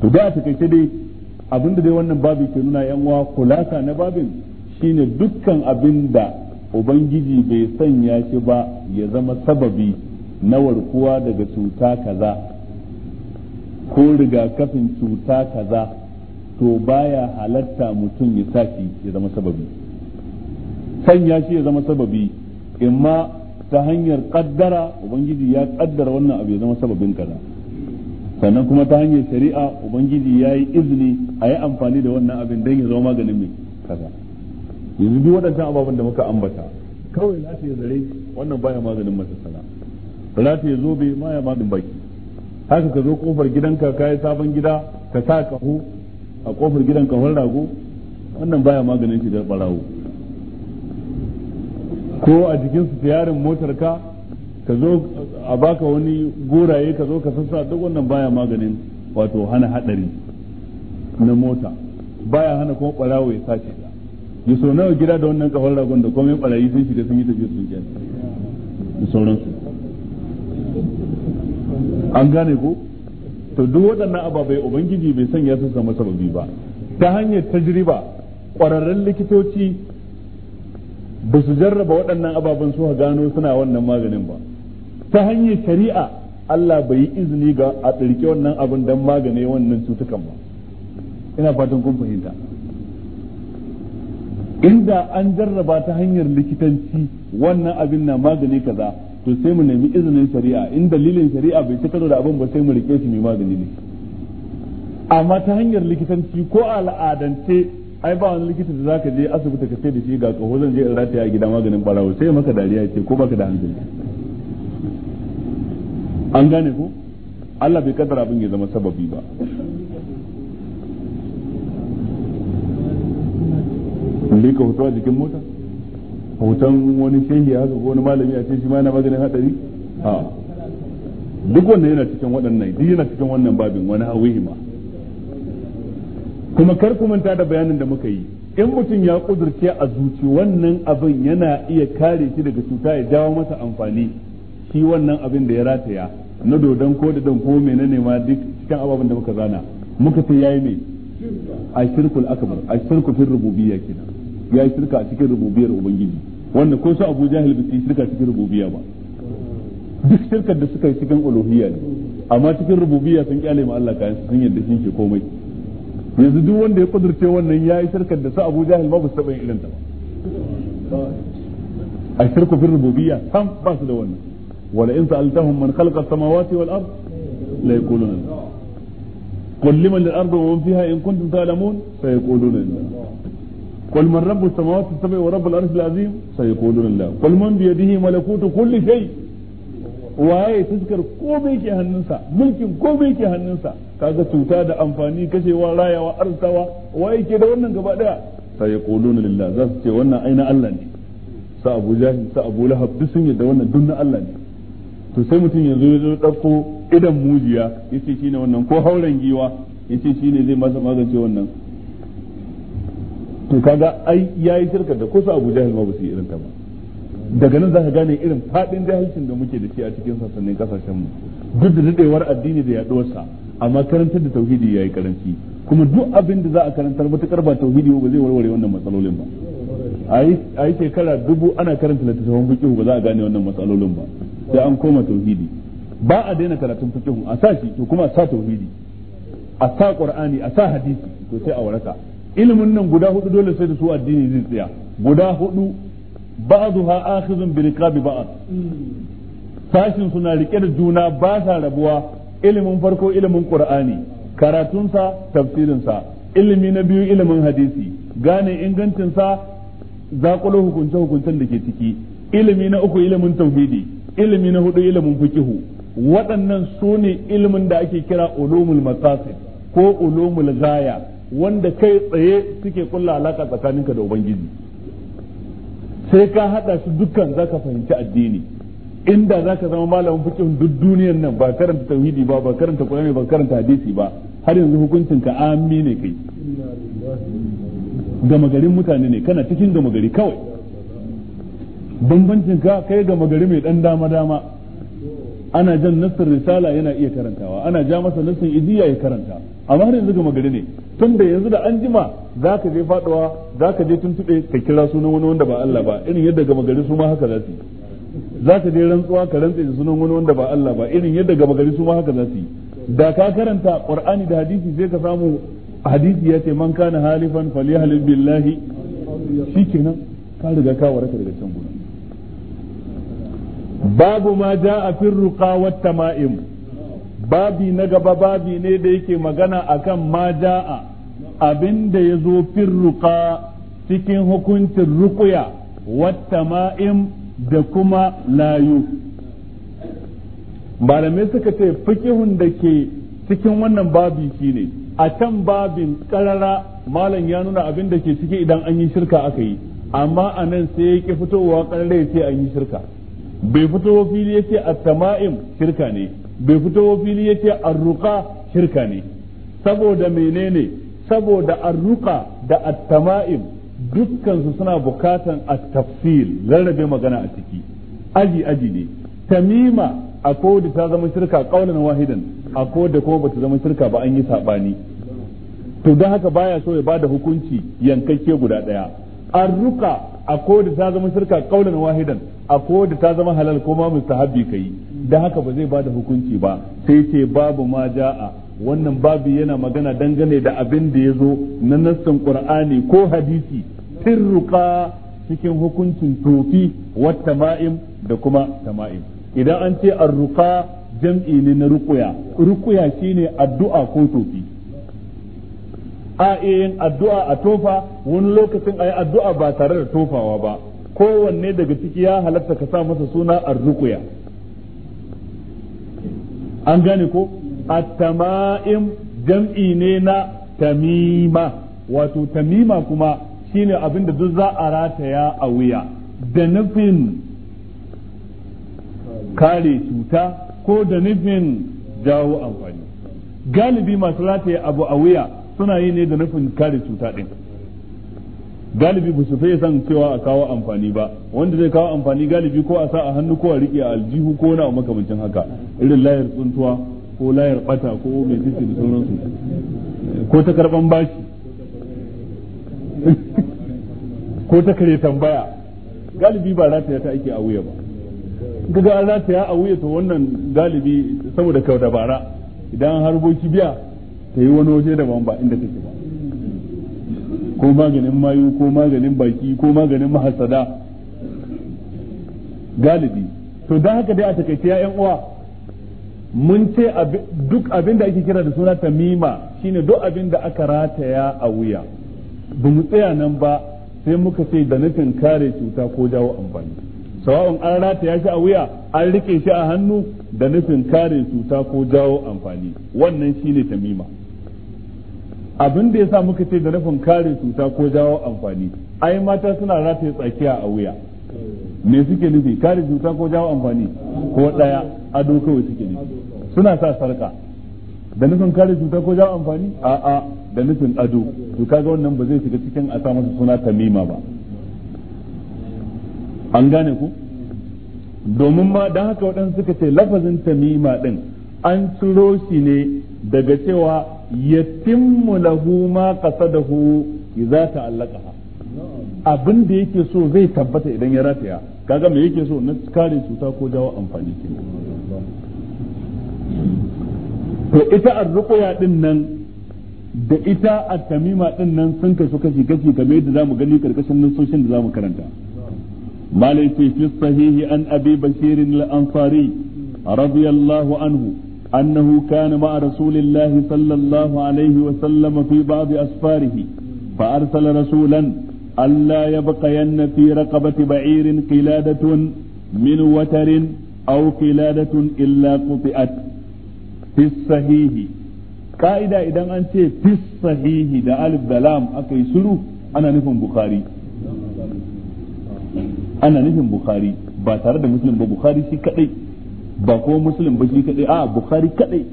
Speaker 1: to da ta kai dai abinda dai wannan babu ke nuna yan uwa kulaka na babin shine dukkan abinda ubangiji bai sanya shi ba ya zama sababi na warkuwa daga cuta kaza ko rigakafin cuta kaza to baya halatta mutum ya saki ya zama sababi sanya shi ya zama sababi imma ta hanyar kaddara ubangiji ya kaddara wannan abu ya zama sababin kaza sannan kuma ta hanyar shari'a ubangiji ya yi izini a yi amfani da wannan abin don ya zama maganin mai kaza yanzu duk waɗancan ababen da muka ambata kawai lati ya zare wannan baya maganin masassara lati ya zobe baya maganin baki haka ka zo kofar gidanka ka yi sabon gida ka sa kahu a kofar gidan kahon rago wannan baya maganin shi da barawo ko a jikin su tiyarin motar ka ka zo a baka wani goraye ka zo ka sassa duk wannan baya maganin wato hana hadari na mota baya hana kuma barawo ya sace ya so nawa gida da wannan kafar ragon da komai barayi sun shiga sun yi tafiya sun kyan da sauransu an gane ko to duk waɗannan ababai ubangiji bai sanya su samu sababi ba ta hanyar tajriba ƙwararren likitoci ba su jarraba waɗannan ababen su gano suna wannan maganin ba ta hanyar shari'a Allah bai yi izini ga a tsirke wannan abin don magane wannan cutukan ba ina fatan kun fahimta inda an jarraba ta hanyar likitanci wannan abin na magani kaza to sai mu nemi izinin shari'a in dalilin shari'a bai ci karo da abin ba sai mu rike shi mai magani ne amma ta hanyar likitanci ko al'adance ai ba wani likita da zaka je asibiti ka sai da shi ga kaho zan je in rata a gida maganin barawo sai maka dariya ce ko baka da hankali an gane ko Allah bai kaddara abin ya zama sababi ba lika hoto a jikin mota hoton wani shehi haka ko wani malami a ce shi ma yana maganin hadari a duk wannan yana cikin waɗannan duk yana cikin wannan babin wani hawihi ma kuma kar ku manta da bayanin da muka yi in mutum ya kudurce a zuci wannan abin yana iya kare shi daga cuta ya jawo masa amfani shi wannan abin da ya rataya na dodon ko da don ko menene ma duk cikin ababen da muka zana muka ce yayi ne a shirkul akbar a shirkul rububiyya kenan ya yi shirka a cikin rububiyar ubangiji wanda ko su abu jahil bai shirka cikin rububiya ba duk shirkar da suka yi cikin uluhiyya ne amma cikin rububiyya sun kyale ma Allah kayan sun yadda shi ke komai yanzu duk wanda ya kudurce wannan ya yi shirkar da su abu jahil ba su taɓa yin irin ta a shirku fil rububiyya sam ba su da wannan wala in sa'altahum man khalaqa samawati wal ard la yaquluna قل من رب السماوات السبع ورب العرش العظيم سيقولون الله قل من بيده ملكوت كل شيء waye tuskar komai ke hannunsa mulkin komai ke hannunsa kaga cuta da amfani kashewa rayawa arsawa waye ke da wannan gaba daya sai ya kuluna lillah za su ce wannan aina Allah ne sa Abu Jahil sa Abu Lahab duk sun yadda wannan dunna Allah ne to sai mutum yanzu ya zo dauko idan mujiya yace shine wannan ko hauren giwa yace shine zai masa magance wannan to kaga ai yayi shirkar da kusa Abu Jahil ma ba irin ta ba daga nan zaka gane irin fadin jahilcin da muke da shi a cikin sassanin kasashen mu duk da dadewar addini da yaduwar sa amma karantar da tauhidi yayi karanci kuma duk abin da za a karantar matukar ba tauhidi ba zai warware wannan matsalolin ba a yi shekara dubu ana karanta littattafan fiqh ba za a gane wannan matsalolin ba sai an koma tauhidi ba a daina karatun fikihu a sa shi to kuma a sa tauhidi a sa qur'ani a sa hadisi to sai a waraka ilimin nan guda hudu dole sai da su addini zai tsaya guda hudu ba'dha akhizun bi riqabi ba'd sashin suna rike da juna ba sa rabuwa ilimin farko ilimin qur'ani karatunsa tafsirinsa ilimi na biyu ilimin hadisi gane ingancin sa zakulo hukunce hukuncen da ke ciki ilimi na uku ilimin tauhidi ilimi na hudu ilimin fikihu waɗannan su ne ilimin da ake kira ulumul masasid ko ulumul gaya wanda kai tsaye suke kulla alaka tsakaninka da ubangiji sai ka hada su dukkan za ka fahimci addini inda za ka zama malamin fikin duk duniyar nan ba karanta tauhidi ba ba karanta qur'ani ba karanta hadisi ba har yanzu hukuncin ka ammi ne kai gama garin mutane ne kana cikin gama gari kawai bambancin ka kai gama gari mai dan dama dama ana jan nassar risala yana iya karantawa ana ja masa nassar iziya ya karanta amma har yanzu gama gari ne tun da yanzu da an jima za ka je faduwa za ka je tuntube ka kira sunan wani wanda ba Allah ba irin yadda gama gari su ma haka za su yi za ka je rantsuwa ka rantse da sunan wani wanda ba Allah ba irin yadda gama gari su ma haka za su yi da ka karanta qur'ani da hadisi sai ka samu hadisi ya ce man kana halifan falyahlil billahi shikenan ka riga ka waraka daga can gurin babu ma jaa fi ruqa wa tama'im babi na gaba babi ne da yake magana akan ma ja'a Abin da ya zo firruka cikin hukuncin rukuya wata ma'im da kuma layu malamai suka ce fikihun da ke cikin wannan babi shine a can babin karara malam ya nuna abin da ke ciki idan an yi shirka aka yi amma a nan sai ya ki fitowa karara ya ce an yi shirka bai fitowa fili ya ce a tamaim shirka ne bai fitowa fili ya ce a ruka shirka ne saboda menene saboda arruka da at-tama'im suna bukatan at-tafsil rarrabe magana a ciki aji aji ne tamima akwai da ta zama shirka kaulan wahidan akwai da kuma bata zama shirka ba an yi sabani to don haka baya so ya bada hukunci yankakke guda daya arruka akwai da ta zama shirka kaulan wahidan a da ta zama halal ko ma mustahabi kai don haka ba zai bada hukunci ba sai ce babu ma ja'a wannan babu yana magana dangane da abin da ya zo na nassan qur'ani ko hadisi tirruqa cikin hukuncin tofi wa ma'im da kuma tama'im idan an ce arruqa jam'i ne na ruqya ruqya shine addu'a ko tofi a yin addu'a a tofa wani lokacin ayi addu'a ba tare da tofawa ba kowanne daga ciki ya halatta ka sa masa suna arruqya an gane ko at-tama'im jam'i ne na tamima wato tamima kuma shine abin da duk za a rataya a wuya da nufin kare cuta ko da nufin jawo amfani galibi masu rataye abu a wuya suna yi ne da nufin kare cuta din galibi ba su fiye san cewa a kawo amfani ba wanda zai kawo amfani galibi ko a sa a hannu ko a riƙe a aljihu ko na makamancin haka irin layar tsuntuwa ko layar bata ko mai titi da sauransu ko ta karban bashi ko ta kare tambaya galibi ba rataya ta ake a wuya ba kaga an rataya a wuya to wannan galibi saboda kau dabara idan har boki biya ta yi wani waje daban ba inda take ba ko maganin mayu ko maganin baki ko maganin mahasada galibi to don haka dai a takaice ya'yan yan uwa mun ce duk abin da ake kira da suna tamima shine duk abin da aka rataya a wuya ba mu tsaya nan ba sai muka ce da nufin kare cuta ko jawo amfani sawa'un an rataya shi a wuya an rike shi a hannu da nufin kare cuta ko jawo amfani wannan shine tamima abin da ya sa muka ce da nufin kare cuta ko jawo amfani ai mata suna rataya tsakiya a wuya me suke nufi kare cuta ko jawo amfani ko daya ado kawai suke nufi suna sa sarka da nufin kare cuta ko jawo amfani a a da nufin ado to kaga wannan ba zai shiga cikin a sa masa suna tamima ba an gane ku domin ma dan haka waɗansu suka ce lafazin tamima din an ciro shi ne daga cewa yatimmu lahu ma qasadahu idza ta'allaqa abin da yake so zai tabbata idan ya rataya kaga me yake so na kare cuta ko jawo amfani kenan to ita arruqya din nan da ita at-tamima din nan sun kasu kashi kashi game da zamu gani karkashin nasoshin da zamu karanta malai fi fi sahihi an abi bashir al-ansari radiyallahu anhu أنه كان مع رسول الله صلى الله عليه وسلم في بعض أسفاره فأرسل رسولا Allah ya ba ka yannaci raƙa bati ba irin filadatun min watarin au filadatun illa kufi Fi sahihi. Ka'ida idan an ce fi sahihi da Alif da Lamu aka yi ana nufin Bukhari. Ana nufin Bukhari. Ba tare da musulun ba Bukhari shi kadai? Ba ko musulun bashi kadai? Aa Bukhari kadai.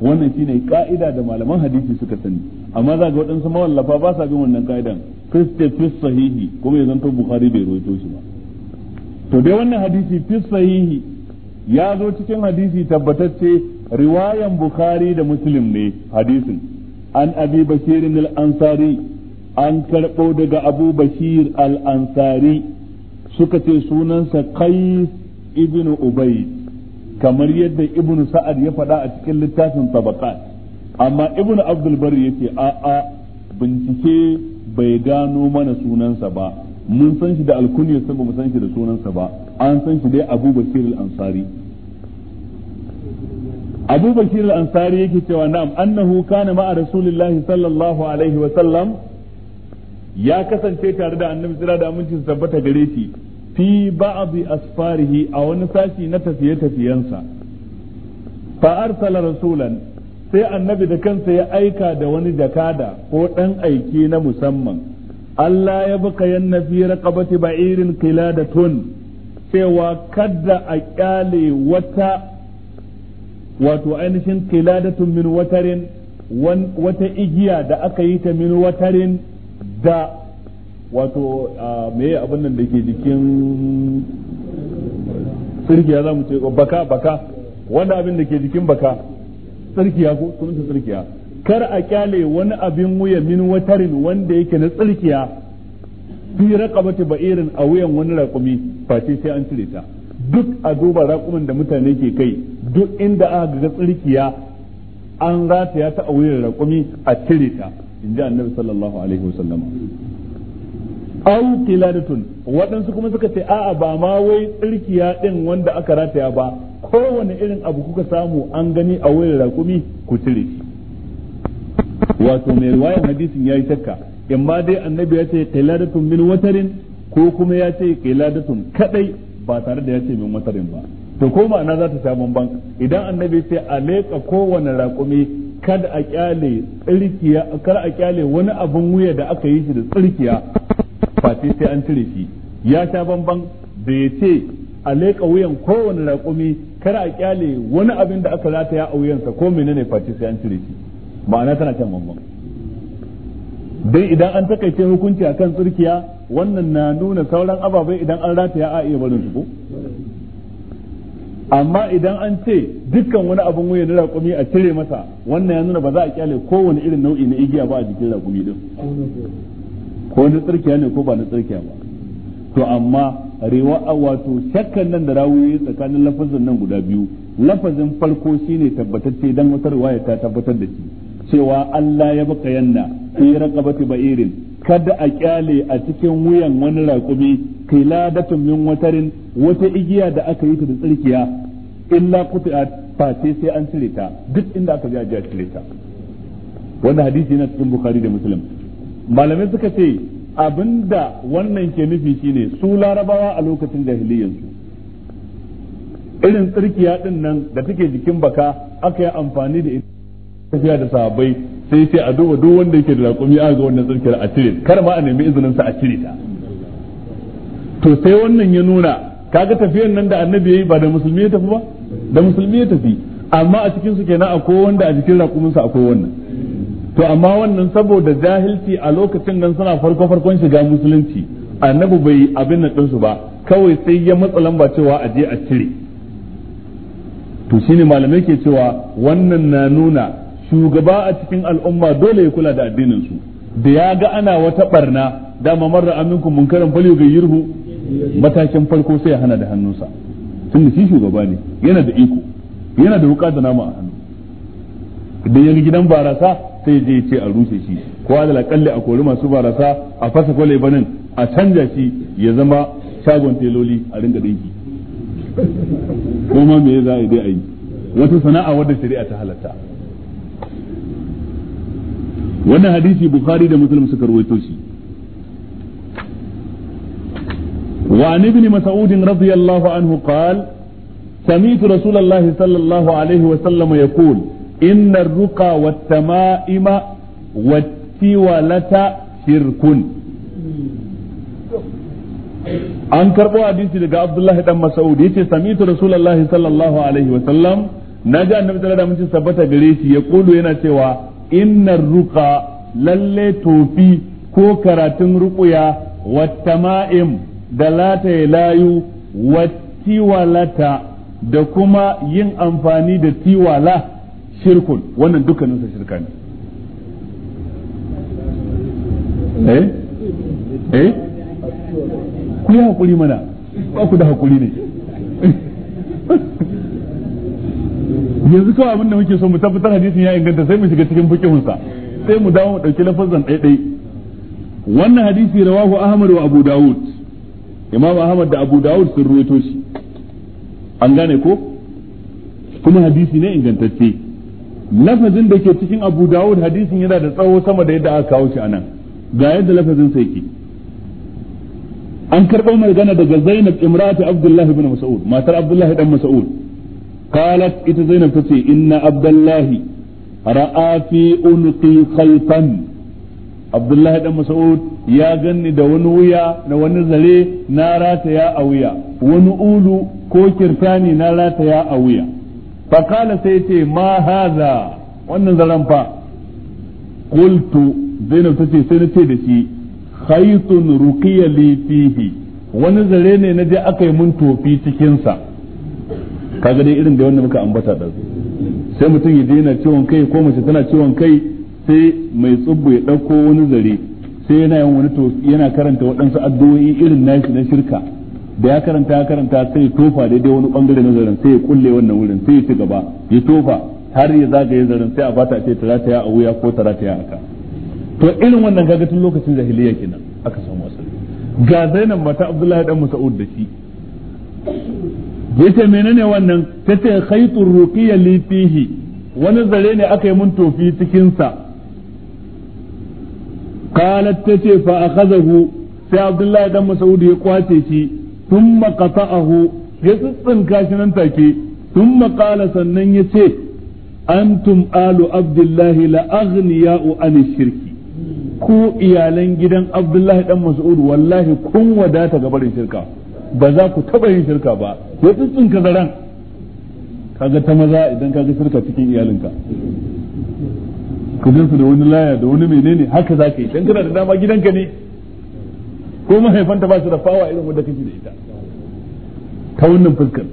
Speaker 1: Wannan shine ka'ida da malaman hadisi suka sani. amma za ga waɗansu mawallafa ba sa bin wannan ka'idan kristi fi sahihi kuma ya zanto bukhari bai ruwaito shi ba to dai wannan hadisi fi sahihi ya zo cikin hadisi tabbatacce riwayan bukhari da muslim ne hadisin an abi bashirin al-ansari an karɓo daga abu bashir al-ansari suka ce sunansa qais ibnu ubayd kamar yadda ibnu sa'ad ya faɗa a cikin littafin tabaqat amma ibnu abdul bari yace a'a bincike bai gano mana sunansa ba mun san shi da alkuniyar sai mu san shi da sunansa ba an san shi dai Abu al-Ansari Abu al-Ansari yake cewa na'am annahu kana ma'a Rasulillahi sallallahu alaihi wa sallam ya kasance tare da annabi tsira da aminci su tabbata gare shi fi ba'dhi asfarihi a wani sashi na tafiye-tafiyensa fa arsala rasulan sai annabi da kansa ya aika da wani jakada ko ɗan aiki na musamman Allah ya baka yanna fi raqabati ba'irin qiladatun cewa kada a kyale wata wato ainihin qiladatun min watarin wata igiya da aka yi ta min watarin da wato me abin nan da ke jikin sirgiya za mu ce baka baka wanda abin da ke jikin baka tsarkiya ko ta tsarkiya kar a kyale wani abin wuya min watarin wanda yake na tsarkiya fi raqabati ba'irin a wuyan wani raƙumi face sai an cire ta duk a duba raqumin da mutane ke kai duk inda aka ga tsarkiya an rataya ta a wuyan raƙumi a cire ta in annabi sallallahu alaihi wasallam au qiladatun waɗansu kuma suka ce a'a ba ma wai tsarkiya din wanda aka rataya ba kowane irin abu kuka samu an gani a wurin rakumi ku cire shi wato mai riwayar hadisin yi shakka in ma dai annabi ya ce kailadatun min watarin ko kuma ya ce kailadatun kadai ba tare da ya ce min watarin ba to ko ma'ana za ta sha ban idan annabi ce a leƙa kowane rakumi kada a kyale tsirkiya kar a kyale wani abun wuya da aka yi shi da tsirkiya fati sai an cire shi ya sha bamban da ya ce a leƙa wuyan kowane raƙumi kar a kyale wani abin da aka rataya a wuyansa ko menene face sai an cire shi ma'ana tana can mamman dai idan an takaice hukunci a kan tsirkiya wannan na nuna sauran ababai idan an rataya a iya barin su amma idan an ce dukkan wani abin wuya na raƙumi a cire masa wannan ya nuna ba za a kyale kowane irin nau'i na igiya ba a jikin raƙumi din ko na tsirkiya ne ko ba na tsirkiya ba to amma riwa wato shakkan nan da rawiyoyi tsakanin lafazin nan guda biyu lafazin farko shine tabbatacce dan wata riwaya ta tabbatar da shi cewa Allah ya baka yanna fi raqabati ba'irin kada a kyale a cikin wuyan wani raƙumi kiladatun min watarin wata igiya da aka yi ta da tsirkiya illa quti'at face sai an cire ta duk inda aka ji a jihar cire ta wannan hadisi yana cikin bukhari da muslim malamai suka ce abinda wannan ke nufi shine su larabawa a lokacin jahiliyyansu irin tsirkiya din nan da take jikin baka aka yi amfani da ita tafiya da sahabbai sai sai a duba duk wanda yake da raƙumi a ga wannan tsirkiyar a cire kar ma a nemi izinin sa a cire ta to sai wannan ya nuna kaga tafiyan nan da annabi yayi ba da musulmi ya tafi ba da musulmi ya tafi amma a cikin su kenan akwai wanda a jikin raƙumin sa akwai wannan to amma wannan saboda jahilci a lokacin nan suna farko farkon shiga musulunci annabi bai abin nan ɗinsu ba kawai sai ya matsa lamba cewa a je a cire to shine malamai ke cewa wannan na nuna shugaba a cikin al'umma dole ya kula da addinin su da ya ga ana wata barna dama marra aminku munkarin falyo ga yirhu matakin farko sai ya hana da hannunsa tunda shi shugaba ne yana da iko yana da wuka da nama a hannu Da ya gidan barasa sai je ce a rushe shi ko alal kalli a kori masu barasa a fasa kwale banin a canja shi ya zama shagon teloli a ringa dinki kuma me za a dai a yi wata sana'a wadda shari'a ta halatta wannan hadisi bukhari da muslim suka rawaito shi Wa ابن مسعود رضي الله Anhu قال سمعت رسول الله صلى الله عليه وسلم يقول inna ruqa wat tama'ima wat tiwalata shirkun an karbo hadisi daga abdullahi dan mas'ud yace sami'tu rasulullahi sallallahu alaihi wa sallam naji annabi sallallahu alaihi wasallam tabbata gare shi ya kulu yana cewa inna ruka lallai tofi ko karatun ruqya wat tama'im da lataye layu wat tiwalata da kuma yin amfani da tiwala shirkun wannan dukkanin sa shirka
Speaker 2: ne eh eh
Speaker 1: ku yi hakuri mana ba ku da hakuri ne yanzu kawai abin da muke so mu tabbatar hadisin ya inganta sai mu shiga cikin sa sai mu dawo mu dauki lafazan ɗaiɗai wannan hadisi rawahu ahmad wa abu dawud imam ahmad da abu dawud sun ruwaito shi an gane ko kuma hadisi ne ingantacce lafazin da ke cikin abu dawud hadisin yana da tsawo sama da yadda aka kawo shi anan ga yadda lafazin sai yake an karɓo magana daga zainab imratu abdullahi ibn mas'ud matar abdullahi dan mas'ud qalat ita zainab tace inna abdullahi ra'a fi unqi khaytan abdullahi dan mas'ud ya ganni da wani wuya da wani zare na rataya a wuya wani ulu ko kirtani na rataya a wuya فقال سيتي ما هذا wannan zaren fa qultu zainab tace sai na ce da shi khaytun ruqiya li fihi wani zare ne na je akayi mun tofi cikin sa kaga dai irin da wanda muka ambata da sai mutum ya daina ciwon kai ko mace tana ciwon kai sai mai tsubbu ya dauko wani zare sai yana yin wani to yana karanta waɗansu addu'o'i irin nashi na shirka da ya karanta ya karanta sai ya tofa daidai wani bangare na zaren sai ya kulle wannan wurin sai ya ci gaba ya tofa har ya zagaye zaren sai a bata ce tarataya a wuya ko tarataya a ka to irin wannan gaga tun lokacin jahiliya kenan aka samu asali ga Zainab mata Abdullahi dan musa'ud da shi yace menene wannan tace khaytur ruqiya li fihi wani zare ne aka yi mun tofi cikin sa qalat tace fa akhadahu sai Abdullahi dan Mas'ud ya kwace shi thumma qata'ahu ya tsitsinka shi nan take thumma qala sannan yace antum alu abdullahi la aghniya'u an shirki Ku iyalan gidan abdullahi dan mas'ud wallahi kun wadata ga barin shirka ba za ku taba yin shirka ba ya tsitsinka zaran kaga ta maza idan kaga shirka cikin iyalinka ka su da wani laya da wani menene haka za ka yi dan kana da dama gidanka ne ko mahaifanta ba su da fawa irin wanda kake da ita ta wannan fuskar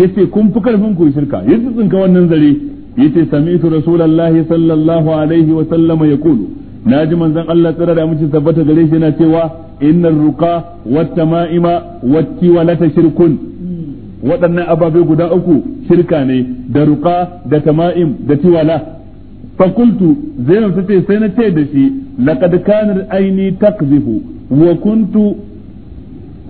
Speaker 1: yace kun fi karfin ku shirka yace tsinka wannan zare yace sami'tu rasulullahi sallallahu alaihi wa sallama Na ji manzan Allah tsara da mutum tabbata gare shi yana cewa innar ruqa wat tama'ima wat shirkun waɗannan ababe guda uku shirka ne da ruka da tama'im da tiwala fa qultu zainab tace sai na ce da shi laqad kana aini takzifu wa kuntu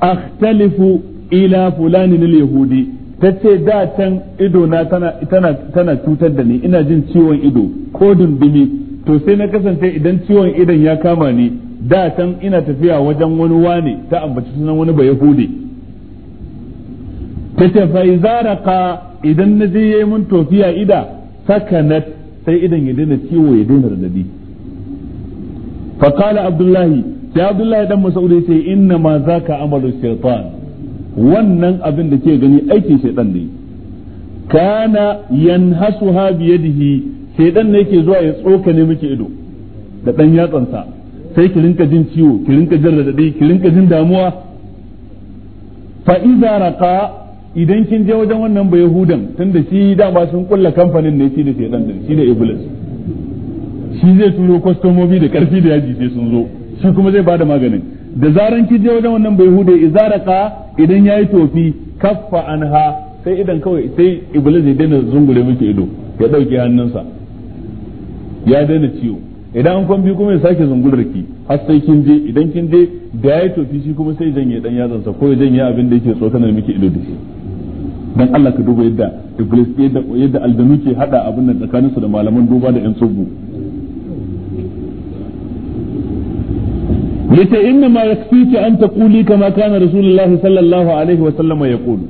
Speaker 1: akhtalifu ila fulanin al-yahudi tace da can ido na tana tana tana cutar da ni ina jin ciwon ido ko dundumi to sai na kasance idan ciwon idon ya kama ni da can ina tafiya wajen wani wane ta ambaci sunan wani ba yahudi tace fa idan na je mun tofiya ida sakanat sai idan ya daina ciwo ya daina radadi fa qala abdullahi sai abdullahi dan mas'ud ya ce inna ma zaka amalu shaytan wannan abin da ke gani aikin shaytan ne kana yanhasuha bi yadihi shaytan ne yake zuwa ya tsoka ne miki ido da dan yatsansa sai ki rinka jin ciwo ki rinka jin radadi ki rinka jin damuwa fa idza raqa idan kin je wajen wannan ba yahudan tunda shi dama sun kulla kamfanin ne shi da shedan din shi da iblis shi zai turo kwastomomi da karfi da yaji sai sun zo shi kuma zai bada maganin da zaran kin je wajen wannan ba yahude izaraka idan yayi tofi kaffa anha sai idan kawai sai iblis ya daina zungure miki ido ya dauke hannunsa ya daina ciwo idan an kwambi kuma ya sake zungurar ki har sai kin je idan kin je da yayi tofi shi kuma sai janye dan yazansa ko ya janye abin da yake tsokanar miki ido da shi dan Allah ka duba yadda iblis yadda yadda aldanu ke hada abin nan tsakanin su da malaman duba da yan subu yace inna ma yakfiki an taquli kama kana rasulullah sallallahu alaihi wa sallam kulu.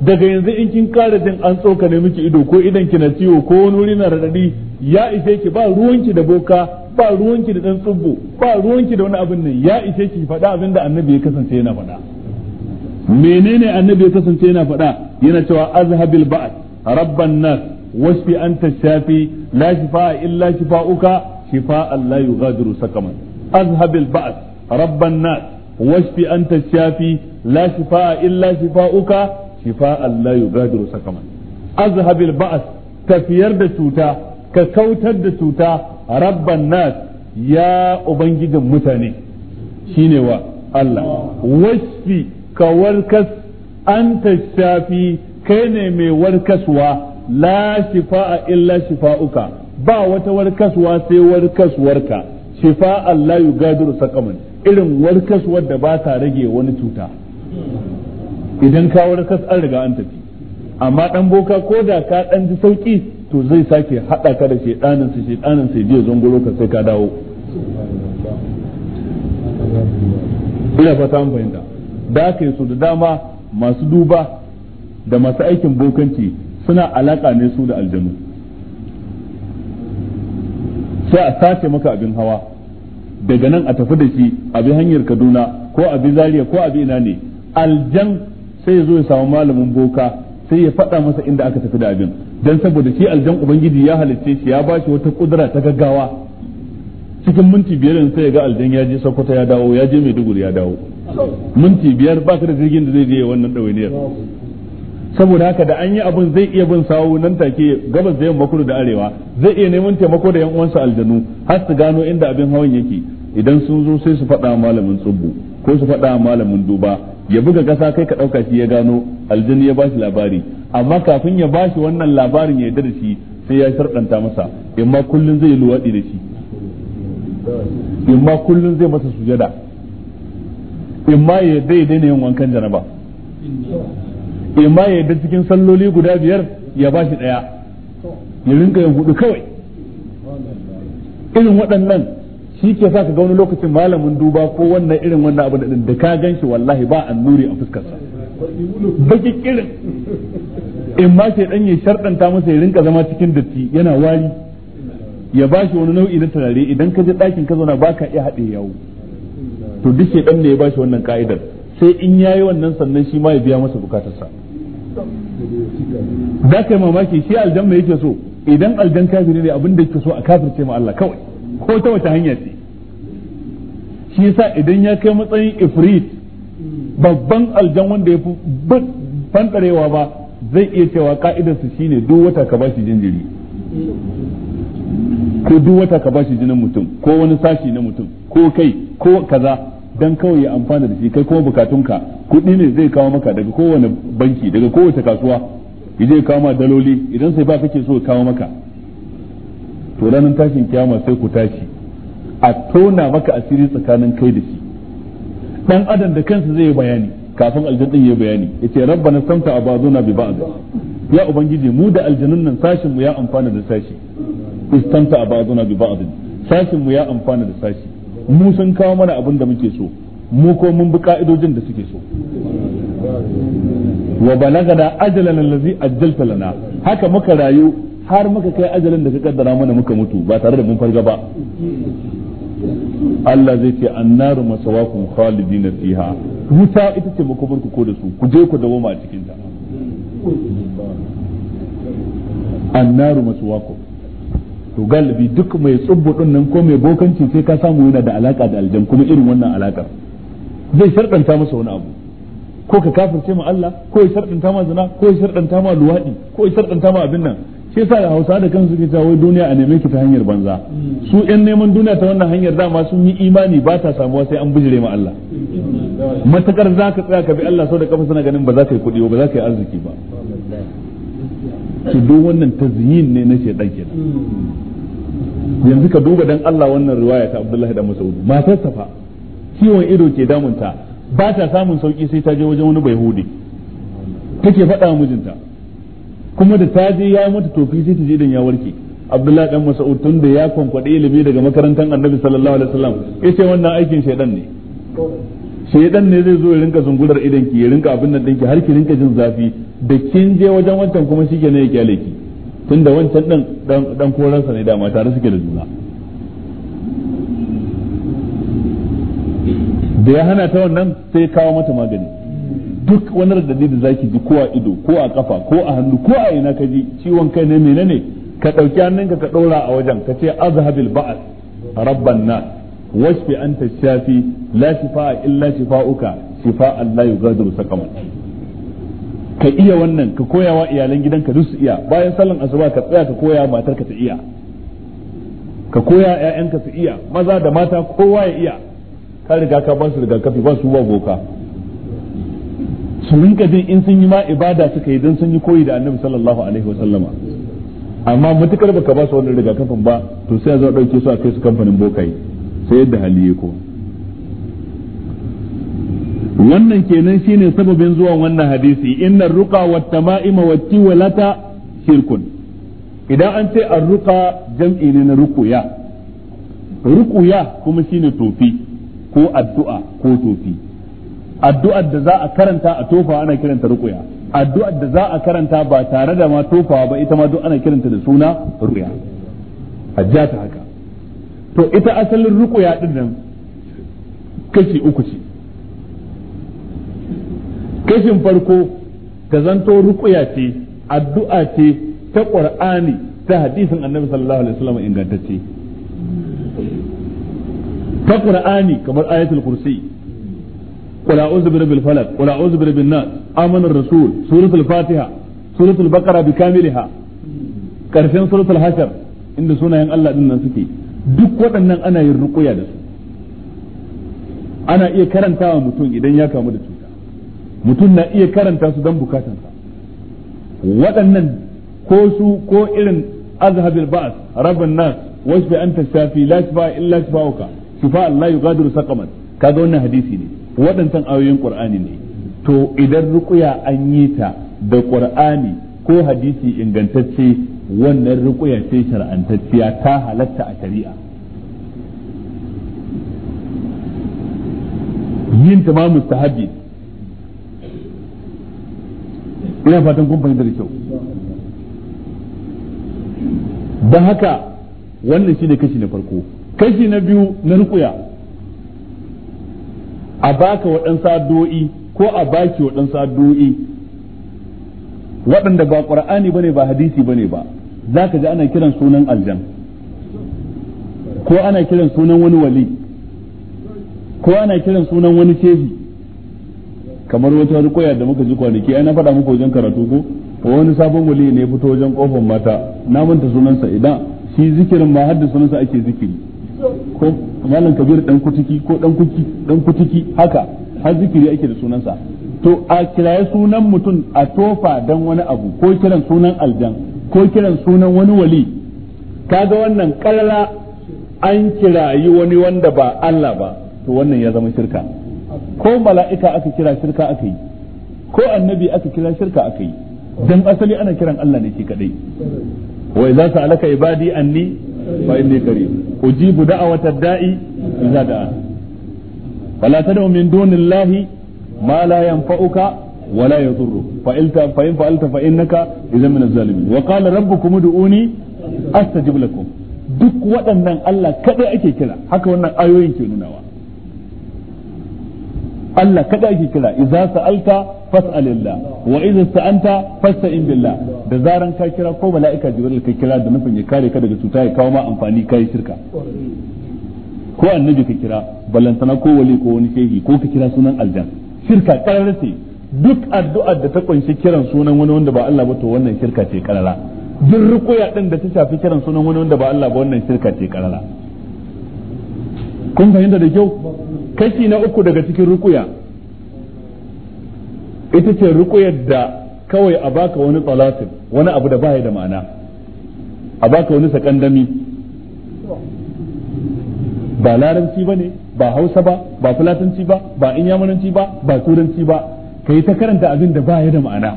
Speaker 1: daga yanzu in kin kare din an tsoka ne miki ido ko idan kina ciwo ko wani wuri na radadi ya ishe ki ba ki da boka ba ki da dan tsubbo ba ki da wani abin nan ya ishe ki faɗa abin da annabi ya kasance yana faɗa menene annabi ya kasance yana faɗa yana cewa azhabil ba'd rabban nas washfi anta shafi la shifaa illa shifauka shifaan la yughadiru sakaman azhabil ba'd rabban nas washfi anta shafi la shifaa illa shifauka shifaan la yughadiru sakaman azhabil ba'd tafiyar da cuta ka kautar da cuta rabban nas ya ubangijin mutane shine wa Allah washfi ka warkas anta shafi kai ne mai warkaswa la a illa uka ba wata warkaswa sai warkaswarka shifa'an la yugadiru saqaman irin warkaswar da ba ta rage wani cuta idan ka warkas an riga an tafi amma dan boka ko da ka dan ji sauki to zai sake hada ka da shedanin su shedanin sai je ka sai ka dawo ina fata fahimta da aka yi su da dama masu duba da masu aikin bokanci suna alaka ne su da aljanu sai a sace maka abin hawa daga nan a tafi da shi a hanyar kaduna ko abi zariya ko a ina ne aljan sai ya zo ya samu malamin boka sai ya faɗa masa inda aka tafi da abin dan saboda shi aljan ubangiji ya halicce shi ya ba shi wata kudura ta gaggawa cikin minti biyar sai ya ga aljan ya je sokoto ya dawo ya je mai duguri ya dawo minti biyar ba ka da jirgin da zai je wannan ɗawainiyar saboda haka da an yi abin zai iya bin sawu nan take gabas da yamma kudu da arewa zai iya neman taimako da yan uwansa aljanu har su gano inda abin hawan yake idan sun zo sai su faɗa malamin tsubbu ko su faɗa malamin duba ya buga ƙasa kai ka ɗauka shi ya gano aljanu ya ba shi labari amma kafin ya ba shi wannan labarin ya yarda da shi sai ya sharɗanta masa imma kullum zai luwaɗi da shi imma kullum zai masa sujada in ma ya yadda ya daina yin wankan janaba in ma ya yadda cikin salloli guda biyar ya ba shi ɗaya ya rinka yin hudu kawai irin waɗannan shi ke sa ka ga wani lokacin malamin duba ko wannan irin wannan abu da ka gan shi wallahi ba an nuri a fuskarsa baki irin in ma ke dan ya sharɗanta masa ya rinka zama cikin datti yana wari ya ba shi wani nau'i na turare idan ka je ɗakin ka zauna ba ka iya haɗe yawo to duk shi dan ne ya bashi wannan ka'idar sai in yayi wannan sannan shi ma ya biya masa bukatarsa da kai mamaki shi aljan mai yake so idan aljan kafiri ne abin da yake so a kafirce ma Allah kawai ko ta wata hanya ce shi yasa idan ya kai matsayin ifrit babban aljan wanda ya fi fanɗarewa ba zai iya cewa ka'idarsa shine duk wata ka bashi jinjiri ko duk wata ka bashi jinin mutum ko wani sashi na mutum ko kai ko kaza dan kawai ya amfana da shi kai kuma bukatunka kuɗi ne zai kawo maka daga kowane banki daga kowace kasuwa zai kawo ma daloli idan sai ba kake so kawo maka to ranar tashin kiyama sai ku tashi a tona maka asiri tsakanin kai da shi dan adam da kansa zai bayani kafin aljannin ya bayani yace rabbana samta abazuna bi ba'd ya ubangiji mu da aljanun nan sashin mu ya amfana da sashi istanta abazuna bi ba'd sashin mu ya amfana da sashi mu sun kawo mana abin da muke so mu ko mun bi ka'idojin da suke so wa balagana ajalan allazi ajjalta lana haka muka rayu har muka kai ajalin da ka kaddara mana muka mutu ba tare da mun farga ba Allah zai ce annaru masawakum khalidina fiha wuta ita ce makobarku ko da su ku je ku dawoma a cikin ta annaru masawakum to galibi duk mai tsubbu din nan ko mai bokanci sai ka samu yana da alaka da aljan kuma irin wannan alakar zai sharɗanta masa wani abu ko ka kafirce ma Allah ko ya sharɗanta ma zina ko ya sharɗanta ma luwaɗi ko ya sharɗanta ma abin nan shi yasa da Hausa da kansu suke cewa duniya a neme ki ta hanyar banza su ƴan neman duniya ta wannan hanyar dama sun yi imani ba ta samuwa sai an bijire ma Allah matakar za ka tsaya ka bi Allah sau da kafa suna ganin ba za ka yi kuɗi ba za ka yi arziki ba shi duk wannan tazyin ne na shedan
Speaker 2: kenan
Speaker 1: yanzu ka duba dan Allah wannan riwaya ta Abdullahi da Mas'ud matar safa ciwon ido ke damunta ba ta samun sauki sai ta je wajen wani bai bayhudi take faɗa mijinta kuma da ta je ya mata tofi sai ta je dan ya warke Abdullahi dan Mas'ud tun da ya kwankwaɗe ilimi daga makarantar Annabi sallallahu alaihi wasallam yace wannan aikin shaiɗan ne shedan ne zai zo ya rinka zungular idan ki ya rinka abin nan dinki har ki rinka jin zafi da kin je wajen wancan kuma shi ne ya kyale ki tunda wancan din dan sa ne dama tare suke da juna da ya hana ta wannan sai kawo mata magani duk wani radadi da zaki ji ko a ido ko a kafa ko a hannu ko a ina ka ji ciwon kai ne menene ka dauki hannunka ka daura a wajen ka ce azhabil ba'd rabban nas washfi anta shafi لا شفاء illa شفاءك شفاء لا يغادر سقما ka iya wannan ka koya wa iyalan gidanka duk su iya bayan sallan asuba ka tsaya ka koya matarka ta iya ka koya ƴaƴanka su iya maza da mata kowa ya iya ka riga ka ba su rigakafi ba su ba goka su rinka jin in sun yi ma ibada suka yi don sun yi koyi da annabi sallallahu alaihi wa sallama amma mutukar baka ba su riga rigakafin ba to sai a zo ɗauke su a kai su kamfanin bokai sai yadda hali ya ko wannan kenan shine sababin zuwan wannan hadisi innar ruqa wat tama'ima wat tiwalata shirkun idan an ce arruqa jam'i ne na ruqya ruqya kuma shine tofi ko addu'a ko tofi addu'ar da za a karanta a tofa ana kiranta ruqya addu'ar da za a karanta ba tare da ma tofawa ba ita ma duk ana kiranta da suna ruqya hajjata haka to ita asalin ruqya din nan kashi uku ce kashin farko ta zanto rukuya ce addu'a ce ta qur'ani ta hadisin annabi sallallahu alaihi wasallam ingantacce ta qur'ani kamar ayatul kursi qul a'udhu bi rabbil falaq qul a'udhu bi rabbin nas amana rasul suratul fatiha suratul baqara bi kamiliha suratul hashar inda sunayen Allah din nan suke duk waɗannan ana yin rukuya da su ana iya karantawa mutum idan ya kamu da su mutum na iya karanta su don bukatansa waɗannan ko su ko irin azhabil ba'as rabin nas washfi anta shafi la shifa illa shifauka shifa allah yughadiru saqaman kaga wannan hadisi ne waɗannan ayoyin qur'ani ne to idan ruqya an yi ta da qur'ani ko hadisi ingantacce wannan ruqya ce shar'antacciya ta halatta a shari'a yin ta ma mustahabi ina fatan kun fahimta da kyau don haka wannan shine kashi na farko kashi na biyu na rukuya a baka waɗansa do'i ko a baki waɗansa do'i waɗanda ba ƙur'ani bane ba hadisi bane ba za ka ji ana kiran sunan aljan ko ana kiran sunan wani wali ko ana kiran sunan wani shehi kamar wata wani koya da muka ji kwanaki ai na faɗa muku wajen karatu ko wani sabon wali ne fito wajen kofar mata na manta sunansa idan shi zikirin ma da sunansa ake zikiri ko malam kabir dan kutiki ko dan kuki dan kutiki haka har zikiri ake da sunansa to a kiraye sunan mutum a tofa dan wani abu ko kiran sunan aljan ko kiran sunan wani wali kaga wannan kalala an kirayi wani wanda ba Allah ba to wannan ya zama shirka ko mala'ika aka kira shirka aka yi ko annabi aka kira shirka aka yi dan asali ana kiran Allah ne shi kadai za su sa'alaka ibadi anni fa inni qarib da'a wata da'i idza da'a ta tad'u min dunillahi ma la yanfa'uka ولا يضرك فإلت فإن فعلت فإنك إذا من الظالمين وقال ربكم ادعوني أستجب لكم duk waɗannan Allah kaɗai ake kira haka wannan ayoyin ke nunawa Allah kada ake kira idza sa'alta fas'alillah wa idza sa'anta fasta'in billah da zaran ka kira ko mala'ika jibril ka kira da nufin ya kare ka daga cuta ya kawo ma amfani kai shirka ko annabi ka kira ballantana ko wali ko wani shehi ko ka kira sunan aljan shirka karara ce duk addu'ar da ta kunshi kiran sunan wani wanda ba Allah ba to wannan shirka ce karara duk rukuya din da ta shafi kiran sunan wani wanda ba Allah ba wannan shirka ce karara kun fahimta da kyau kashi na uku daga cikin rukuya ita ce rukuyar da kawai a baka wani tsalatin wani abu da baya da ma'ana a baka wani sakandami ba larabci ba ne ba hausa ba ba fulatanci ba ba inyamuranci ba ba turanci ba ka yi ta karanta abin da baya da ma'ana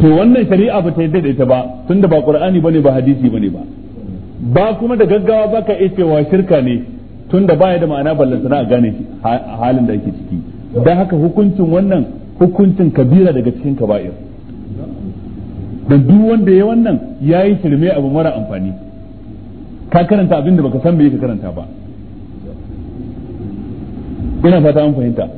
Speaker 1: to wannan shari'a ba ta yi da ita ba tunda ba ba ne ba hadisi ba ne ba ba kuma da gaggawa ba ka wa shirka ne tun da baya da ma'ana ballantana a gane halin da ake ciki don haka hukuncin wannan hukuncin kabira daga cikin kaba'ir da duk wanda ya wannan ya yi shirme abu mara amfani ka karanta abin da baka san me ka karanta ba ina fata an fahimta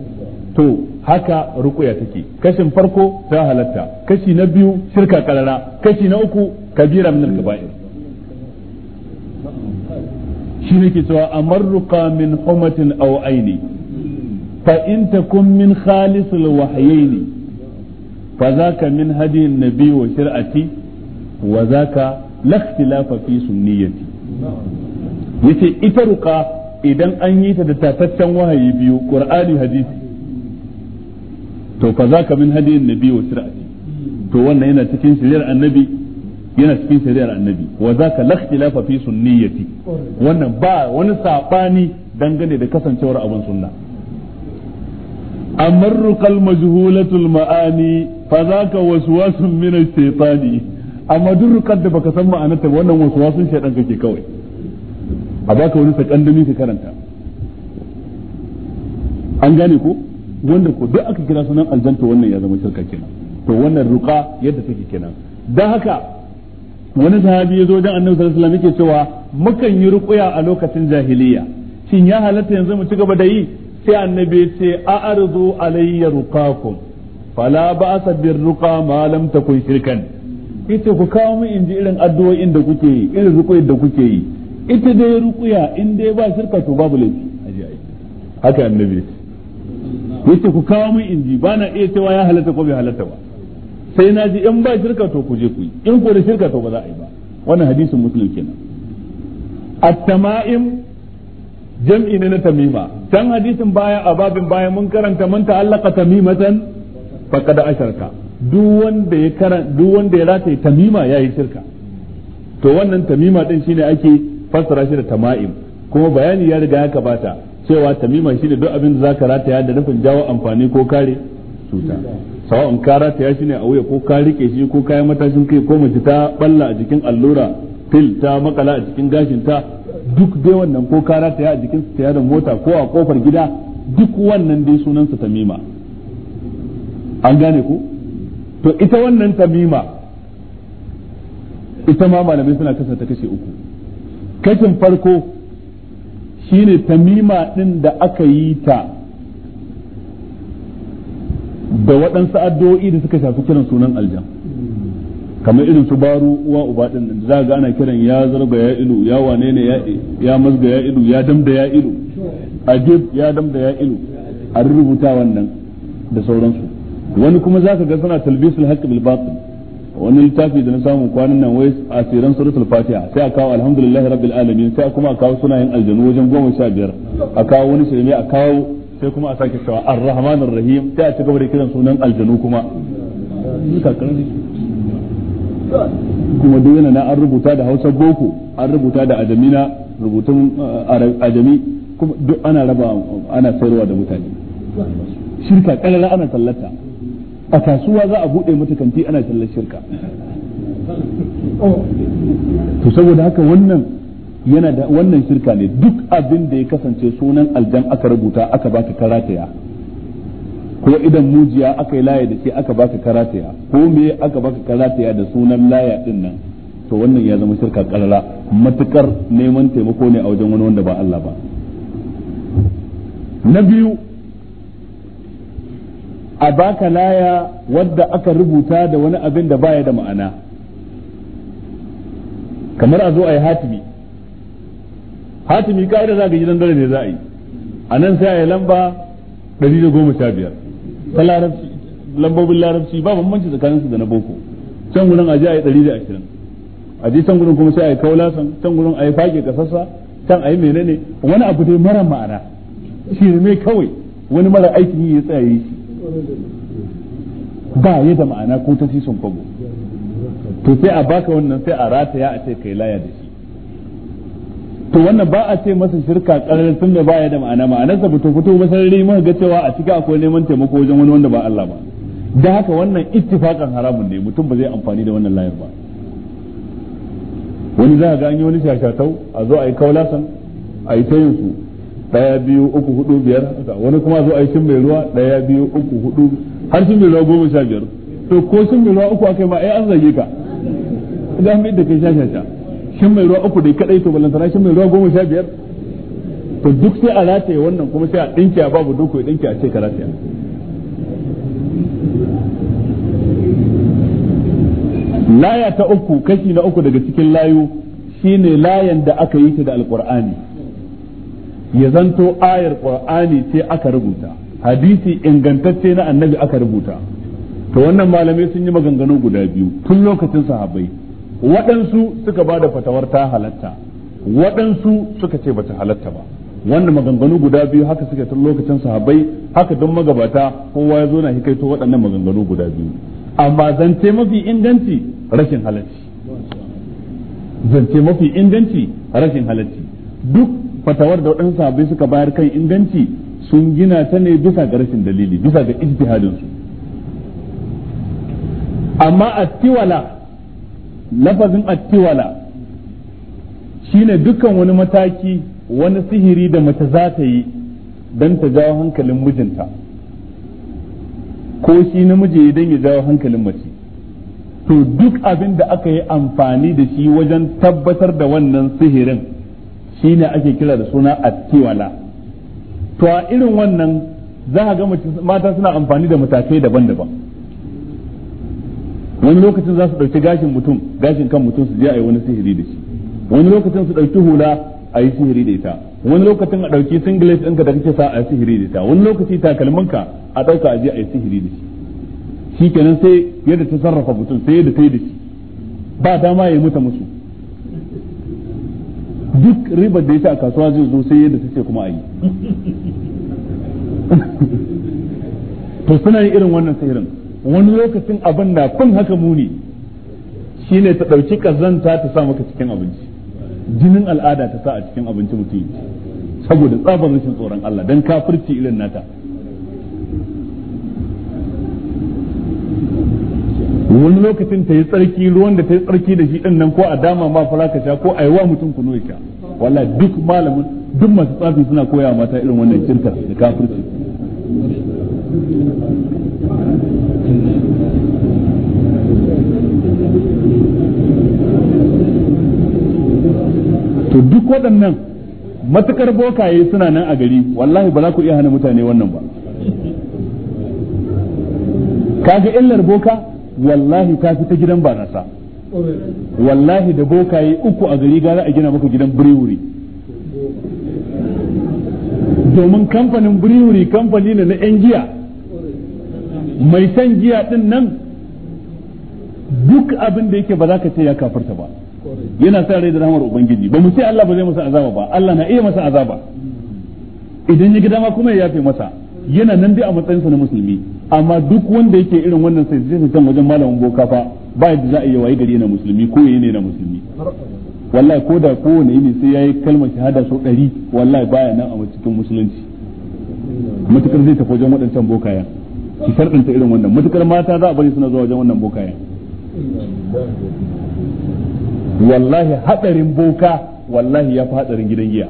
Speaker 1: to haka rukuya take kashin farko ta halatta kashi na biyu shirka karara kashi na uku kabira min al-kaba'ir shi ne ke cewa amarruka min humatin au aini fa in kun min khalisul wahyaini fa ka min hadiyin nabi wa shir'ati wa zaka la ikhtilafa fi sunniyati yace ita ruka idan an yi ta da tataccen wahayi biyu qur'ani hadisi to fa ka min hadiyin nabi wa shir'ati to wannan yana cikin shiryar annabi yana cikin shari'ar annabi wa zaka lakhtilafa fi sunniyati wannan ba wani sabani dangane da kasancewar abun sunna amarruqal majhulatul ma'ani fa zaka waswasun min ash-shaytani amma durrukan da baka san ma'anarta wannan waswasun shaytan kake kawai a baka wani sakandami ka karanta an gane ko wanda ko duk aka kira sunan aljanta wannan ya zama shirka kenan to wannan ruqa yadda take kenan dan haka wani sahabi ya zo wajen annabi sallallahu alaihi wasallam yake cewa mukan yi ruqya a lokacin jahiliya shin ya halatta yanzu mu ci gaba da yi sai annabi ya ce a'arzu alayya ruqakum fala ba'sa ruqa ma lam takun shirkan ita ku kawo min inji irin addu'o'in da kuke yi irin ruqyar da kuke yi ita dai ruqya in dai ba shirka to babu laifi haka annabi yace ku kawo min inji ba na iya cewa ya halatta ko bai halatta ba sai na ji in ba shirka to ku je ku yi in ko da shirka to ba za a yi ba wannan hadisin muslim kenan at-tama'im jam'i ne na tamima can hadisin baya a babin baya mun karanta man ta'allaqa tamimatan faqad asharka duk wanda ya karanta duk wanda ya rataye tamima yayi shirka to wannan tamima din shine ake fassara shi da tama'im kuma bayani ya riga ya kabata cewa tamima shine duk abin da zaka rataya da nufin jawo amfani ko kare cuta sawa'un kara ta yashi ne a wuya ko ka rike shi ko kayan matashin kai ko mace ta balla a jikin allura fil ta makala a jikin gashin ta duk dai wannan ko kara ta rataya a jikin ta da mota ko a kofar gida duk wannan dai sunan sa tamima an gane ku to ita wannan tamima ita ma malamai suna kasa ta kashe uku kashin farko shine tamima din da aka yi ta da waɗansu addu'o'i da suka shafi kiran sunan aljan kamar irin su baro uwa uba din za ga ana kiran ya zarga ya ilu ya wane ne ya ya mazga ya ilu ya damda ya ilu ajib ya damda ya ilu a rubuta wannan da sauransu wani kuma zaka ga suna talbisul haqq bil batil wani littafi da na samu kwanan nan wai a tsiran suratul fatiha sai a kawo alhamdulillahi rabbil alamin sai kuma a kawo sunayen aljanu wajen goma sha biyar a kawo wani shirme a kawo sai kuma a sake cewa ar-rahman ar-rahim sai a ci gaba da kiran sunan aljanu kuma kuma duk yana na an rubuta da hausa boko an rubuta da ajamina rubutun uh, ajami kuma duk ana raba ana sayarwa da mutane shirka kalala ana tallata a kasuwa za a bude mata kanti ana tallar shirka to saboda haka wannan yana da wannan shirka ne duk abin da ya kasance sunan aljan aka rubuta aka baka karataya ko idan mujiya aka yi laya da shi aka baka karataya ko me aka baka karataya da sunan laya din nan to wannan ya zama shirka karara matukar neman taimako ne a wajen wani wanda ba Allah ba na biyu a baka laya wadda aka rubuta da wani abin da baya da ma'ana kamar a zo a yi hatimi hatimi ka'ida za ka gidan dare ne za a yi a nan sai a yi lamba 115 ta larabci lambobin larabci ba bambanci tsakanin su da na boko can gudun a je a yi 120 a je can gudun kuma sai a yi kaulasan can gudun a yi fage kasassa can a yi menene wani abu dai mara ma'ana shi ne kawai wani mara aikin yi ya tsaya yi shi ba ya da ma'ana ko ta sun kwabo to sai a baka wannan sai a rataya a ce kai laya da shi to wannan ba a ce masa shirka karar tun da baya da ma'ana sa fito fito ba sarari muka ga cewa a cikin akwai neman taimako wajen wani wanda ba Allah ba da haka wannan ittifaqan haramun ne mutum ba zai amfani da wannan layar ba wani za ga an yi wani shashatau a zo a yi kaulasan a yi tayin su daya biyu uku hudu biyar wani kuma zo a yi shin mai ruwa daya biyu uku hudu har shin mai ruwa goma sha biyar to ko shin mai ruwa uku akai ma ai an zage ka idan mai da kai shashata shin mai ruwa uku dai kadai to lantana shin mai ruwa goma sha biyar to duk sai a rataye wannan kuma sai a ɗinki a babu duk ya ɗinki a ce ka rataye laya ta uku kashi na uku daga cikin layu shine layan da aka yi ta da alqur'ani ya zanto ayar qur'ani ce aka rubuta hadisi ingantacce na annabi aka rubuta to wannan malamai sun yi maganganu guda biyu tun lokacin sahabbai waɗansu suka ba da fatawar ta halatta waɗansu suka ce bata halatta ba wanda maganganu guda biyu haka suke tun lokacin sahabbai haka don magabata kowa ya zo na hikaito waɗannan maganganu guda biyu amma zance mafi inganci rashin halacci zance mafi inganci rashin halacci duk fatawar da waɗansu sahabbai suka bayar kan inganci sun gina ta ne bisa ga rashin dalili bisa ga ijtihadin su amma attiwala lafazin attiwala shine dukkan wani mataki wani sihiri da mace za ta yi don ta jawo hankalin mijinta ko shi namiji idan ya jawo hankalin mace to duk abin da aka yi amfani da shi wajen tabbatar da wannan sihirin shine ake kira da suna attiwala to a irin wannan za a ga mata suna amfani da matakai daban-daban wani lokacin za su dauki gashin mutum gashin kan mutum su je a yi wani sihiri da shi wani lokacin su dauki hula a yi sihiri da ita wani lokacin a dauki singlet ɗinka da kake sa a yi sihiri da ita wani lokaci ka a dauka a je a yi sihiri da shi Shi kenan sai yadda ta sarrafa mutum sai yadda ta yi da shi ba dama ya mutu musu duk ribar da ya a kasuwa zai zo sai yadda ta ce kuma a yi to suna yin irin wannan sihirin wani lokacin abin na kun haka muni shi ne ta ɗauki ƙazanta ta sa maka cikin abinci jinin al'ada ta sa a cikin abinci mutum saboda tsabar rashin tsoron Allah dan kafirci irin nata wani lokacin ta yi tsarki ruwan da ta yi tsarki da shi ɗin nan ko a dama ma fara ka sha ko a yi wa mutum kuno ya sha wala duk malamin duk masu tsafi suna koya mata irin wannan kirka da kafirci to duk waɗannan matukar bokaye suna nan a gari wallahi ba za ku iya hana mutane wannan ba kaga illar boka wallahi ka fi ta gidan barasa wallahi da bokaye uku a gari gara a gina maka gidan biriwuri domin kamfanin biriwuri kamfani ne na 'yan giya mai san giya din nan duk abin da yake ba za ka ce ya kafarta ba yana sa rai da ramar ubangiji ba mu ce Allah ba zai masa azaba ba Allah na iya masa azaba idan ya gida ma kuma ya yafe masa yana nan dai a matsayin sa na musulmi amma duk wanda yake irin wannan sai zai san wajen malamin boka fa ba yadda za a yi wayi gari na musulmi ko yene na musulmi wallahi ko da ko ne ne sai yayi kalmar shahada sau ɗari wallahi baya nan a cikin musulunci matukar zai tafi wajen waɗancan bokayen ki ta irin wannan matukar mata za a bari suna zuwa wajen wannan bokayen wallahi hadarin boka wallahi ya fi hadarin gidan giya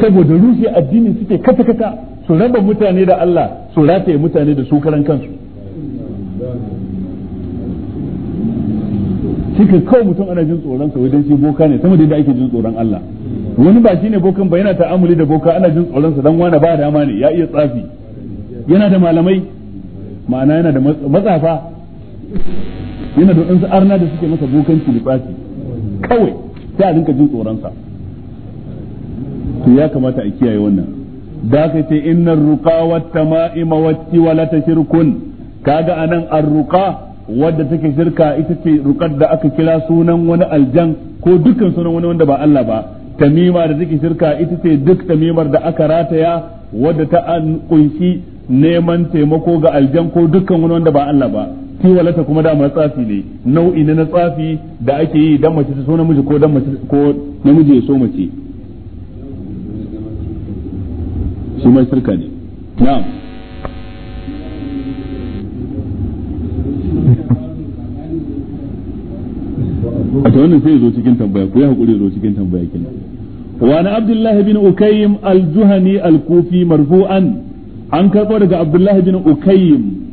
Speaker 2: saboda rushe
Speaker 1: addini suke kata kata su raba mutane da Allah su rataye mutane da su karan kansu shi kawai mutum ana jin tsoron sa wajen shi boka ne sama da ake jin tsoron Allah wani ba shine bokan ba yana ta'amuli da boka ana jin tsoron sa dan wani ba dama ne ya iya tsafi yana da malamai ma'ana yana da matsafa yana da wadansu arna da suke masa bokanci da ɓaci kawai sai a rinka jin tsoronsa to ya kamata a kiyaye wannan da ka ce ruka wata ma'ima wacce wala ta shirkun kaga anan an ruka wadda take shirka ita ce rukar da aka kira sunan wani aljan ko dukkan sunan wani wanda ba Allah ba tamima da take shirka ita ce duk tamimar da aka rataya wadda ta kunshi neman taimako ga aljan ko dukkan wani wanda ba Allah ba kiwalata kuma dama tsafi ne nau'i na tsafi da ake yi dan mace ta so namiji ko dan mace ko namiji ya so mace shi mai shirka ne na'am a ta wannan sai zo cikin tambaya ku yi hakuri zo cikin tambaya kenan wa na abdullahi bin ukayyim al-juhani al-kufi marfu'an an karbo daga abdullahi bin ukayyim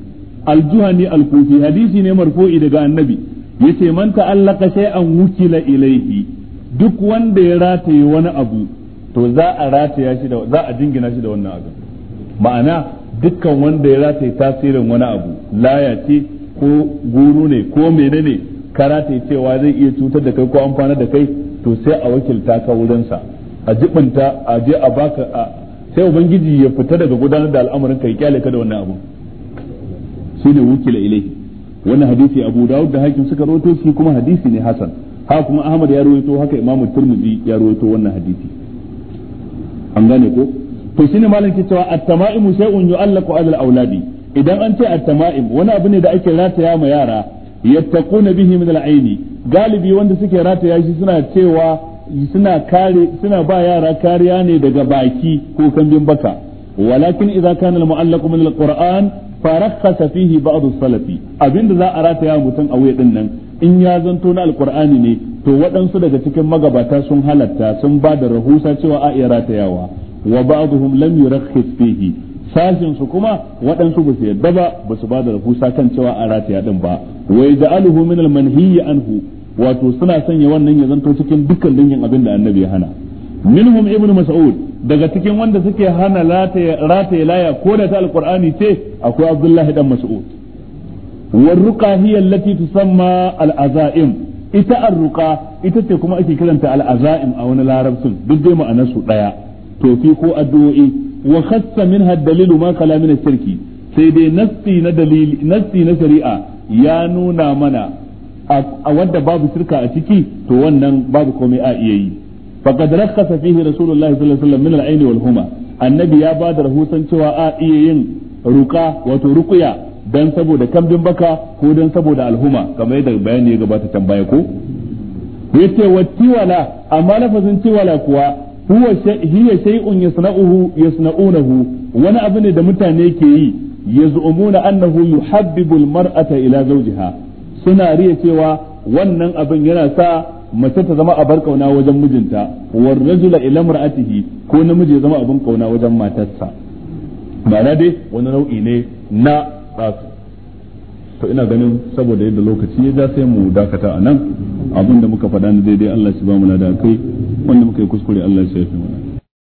Speaker 1: al-juhani al-kufi hadisi ne marfu'i daga annabi ya yace man ta'allaka shay'an wukila ilayhi duk wanda ya rataye wani abu to za jingina shi da wannan abu ma'ana dukkan wanda ya rataye tasirin wani abu laya ce ko guru ne ko menene ka rataye cewa zai iya cutar da kai ko amfana da kai to sai a wakilta ka wurinsa a jibinta a je a baka sai ubangiji ya fita daga gudanar da al'amarin kai kyale ka da wani abu shine wukila ilaihi wannan hadisi Abu Dawud da Hakim suka rawaito shi kuma hadisi ne hasan haka kuma Ahmad ya rawaito haka Imam Tirmidhi ya rawaito wannan hadisi an gane ko to shine malam ke cewa at-tama'imu shay'un yu'allaqu 'ala al-awladi idan an ce at-tama'im wani abu ne da ake rataya ma yara yattaquna bihi min al-aini galibi wanda suke rataya shi suna cewa suna kare suna ba yara kariya ne daga baki ko kambin baka walakin idza kana al-mu'allaq min al-Qur'an farakhasa fihi ba'd as-salaf abinda za a rataya mutum a wuya din nan in ya zanto na alqur'ani ne to waɗansu daga cikin magabata sun halatta sun ba da rahusa cewa a iya ratayawa wa ba'dhum lam yurakhis fihi sashin su kuma waɗansu ba su yadda ba ba su ba da rahusa kan cewa a rataya din ba wai da min al-manhiyyi anhu wato suna sanya wannan ya zanto cikin dukkan dangin abin da annabi ya hana minhum ibnu mas'ud daga cikin wanda suke hana rataye laya ko da ta alqur'ani ce akwai abdullahi dan mas'ud warruqa hiya allati tusamma al-azaim ita arruqa ita ce kuma ake kiranta al-azaim a wani larabcin duk dai ma'anar su daya fi ko addu'o'i wa khassa minha ad-dalil ma kala min shirki sai dai nassi na nassi na shari'a ya nuna mana a wanda babu shirka a ciki to wannan babu komai a iya yi faqad rakkasa fihi rasulullahi sallallahu alaihi min al-ayn wal annabi ya bada rahusan cewa a iya yin ruka wato ruqya dan saboda kambin baka ko dan saboda alhuma kamar yadda bayani ya gabata tambaya ko yace wa ciwala amma lafazin ciwala kuwa huwa hiya shay'un yasna'uhu yasna'unahu wani abu ne da mutane ke yi yazu yaz'umuna annahu yuhabbibu al-mar'ata ila zawjiha suna riya cewa wannan abin yana sa mace ta zama abar kauna wajen mijinta war rajula ila mar'atihi ko namiji ya zama abin kauna wajen matarsa ma'ana dai wani nau'i ne na tsafi to ina ganin saboda yadda lokaci ya ja sai mu dakata a nan abin da muka faɗa na daidai Allah shi ba mu da kai wanda muka yi kuskure Allah shi ya fi mana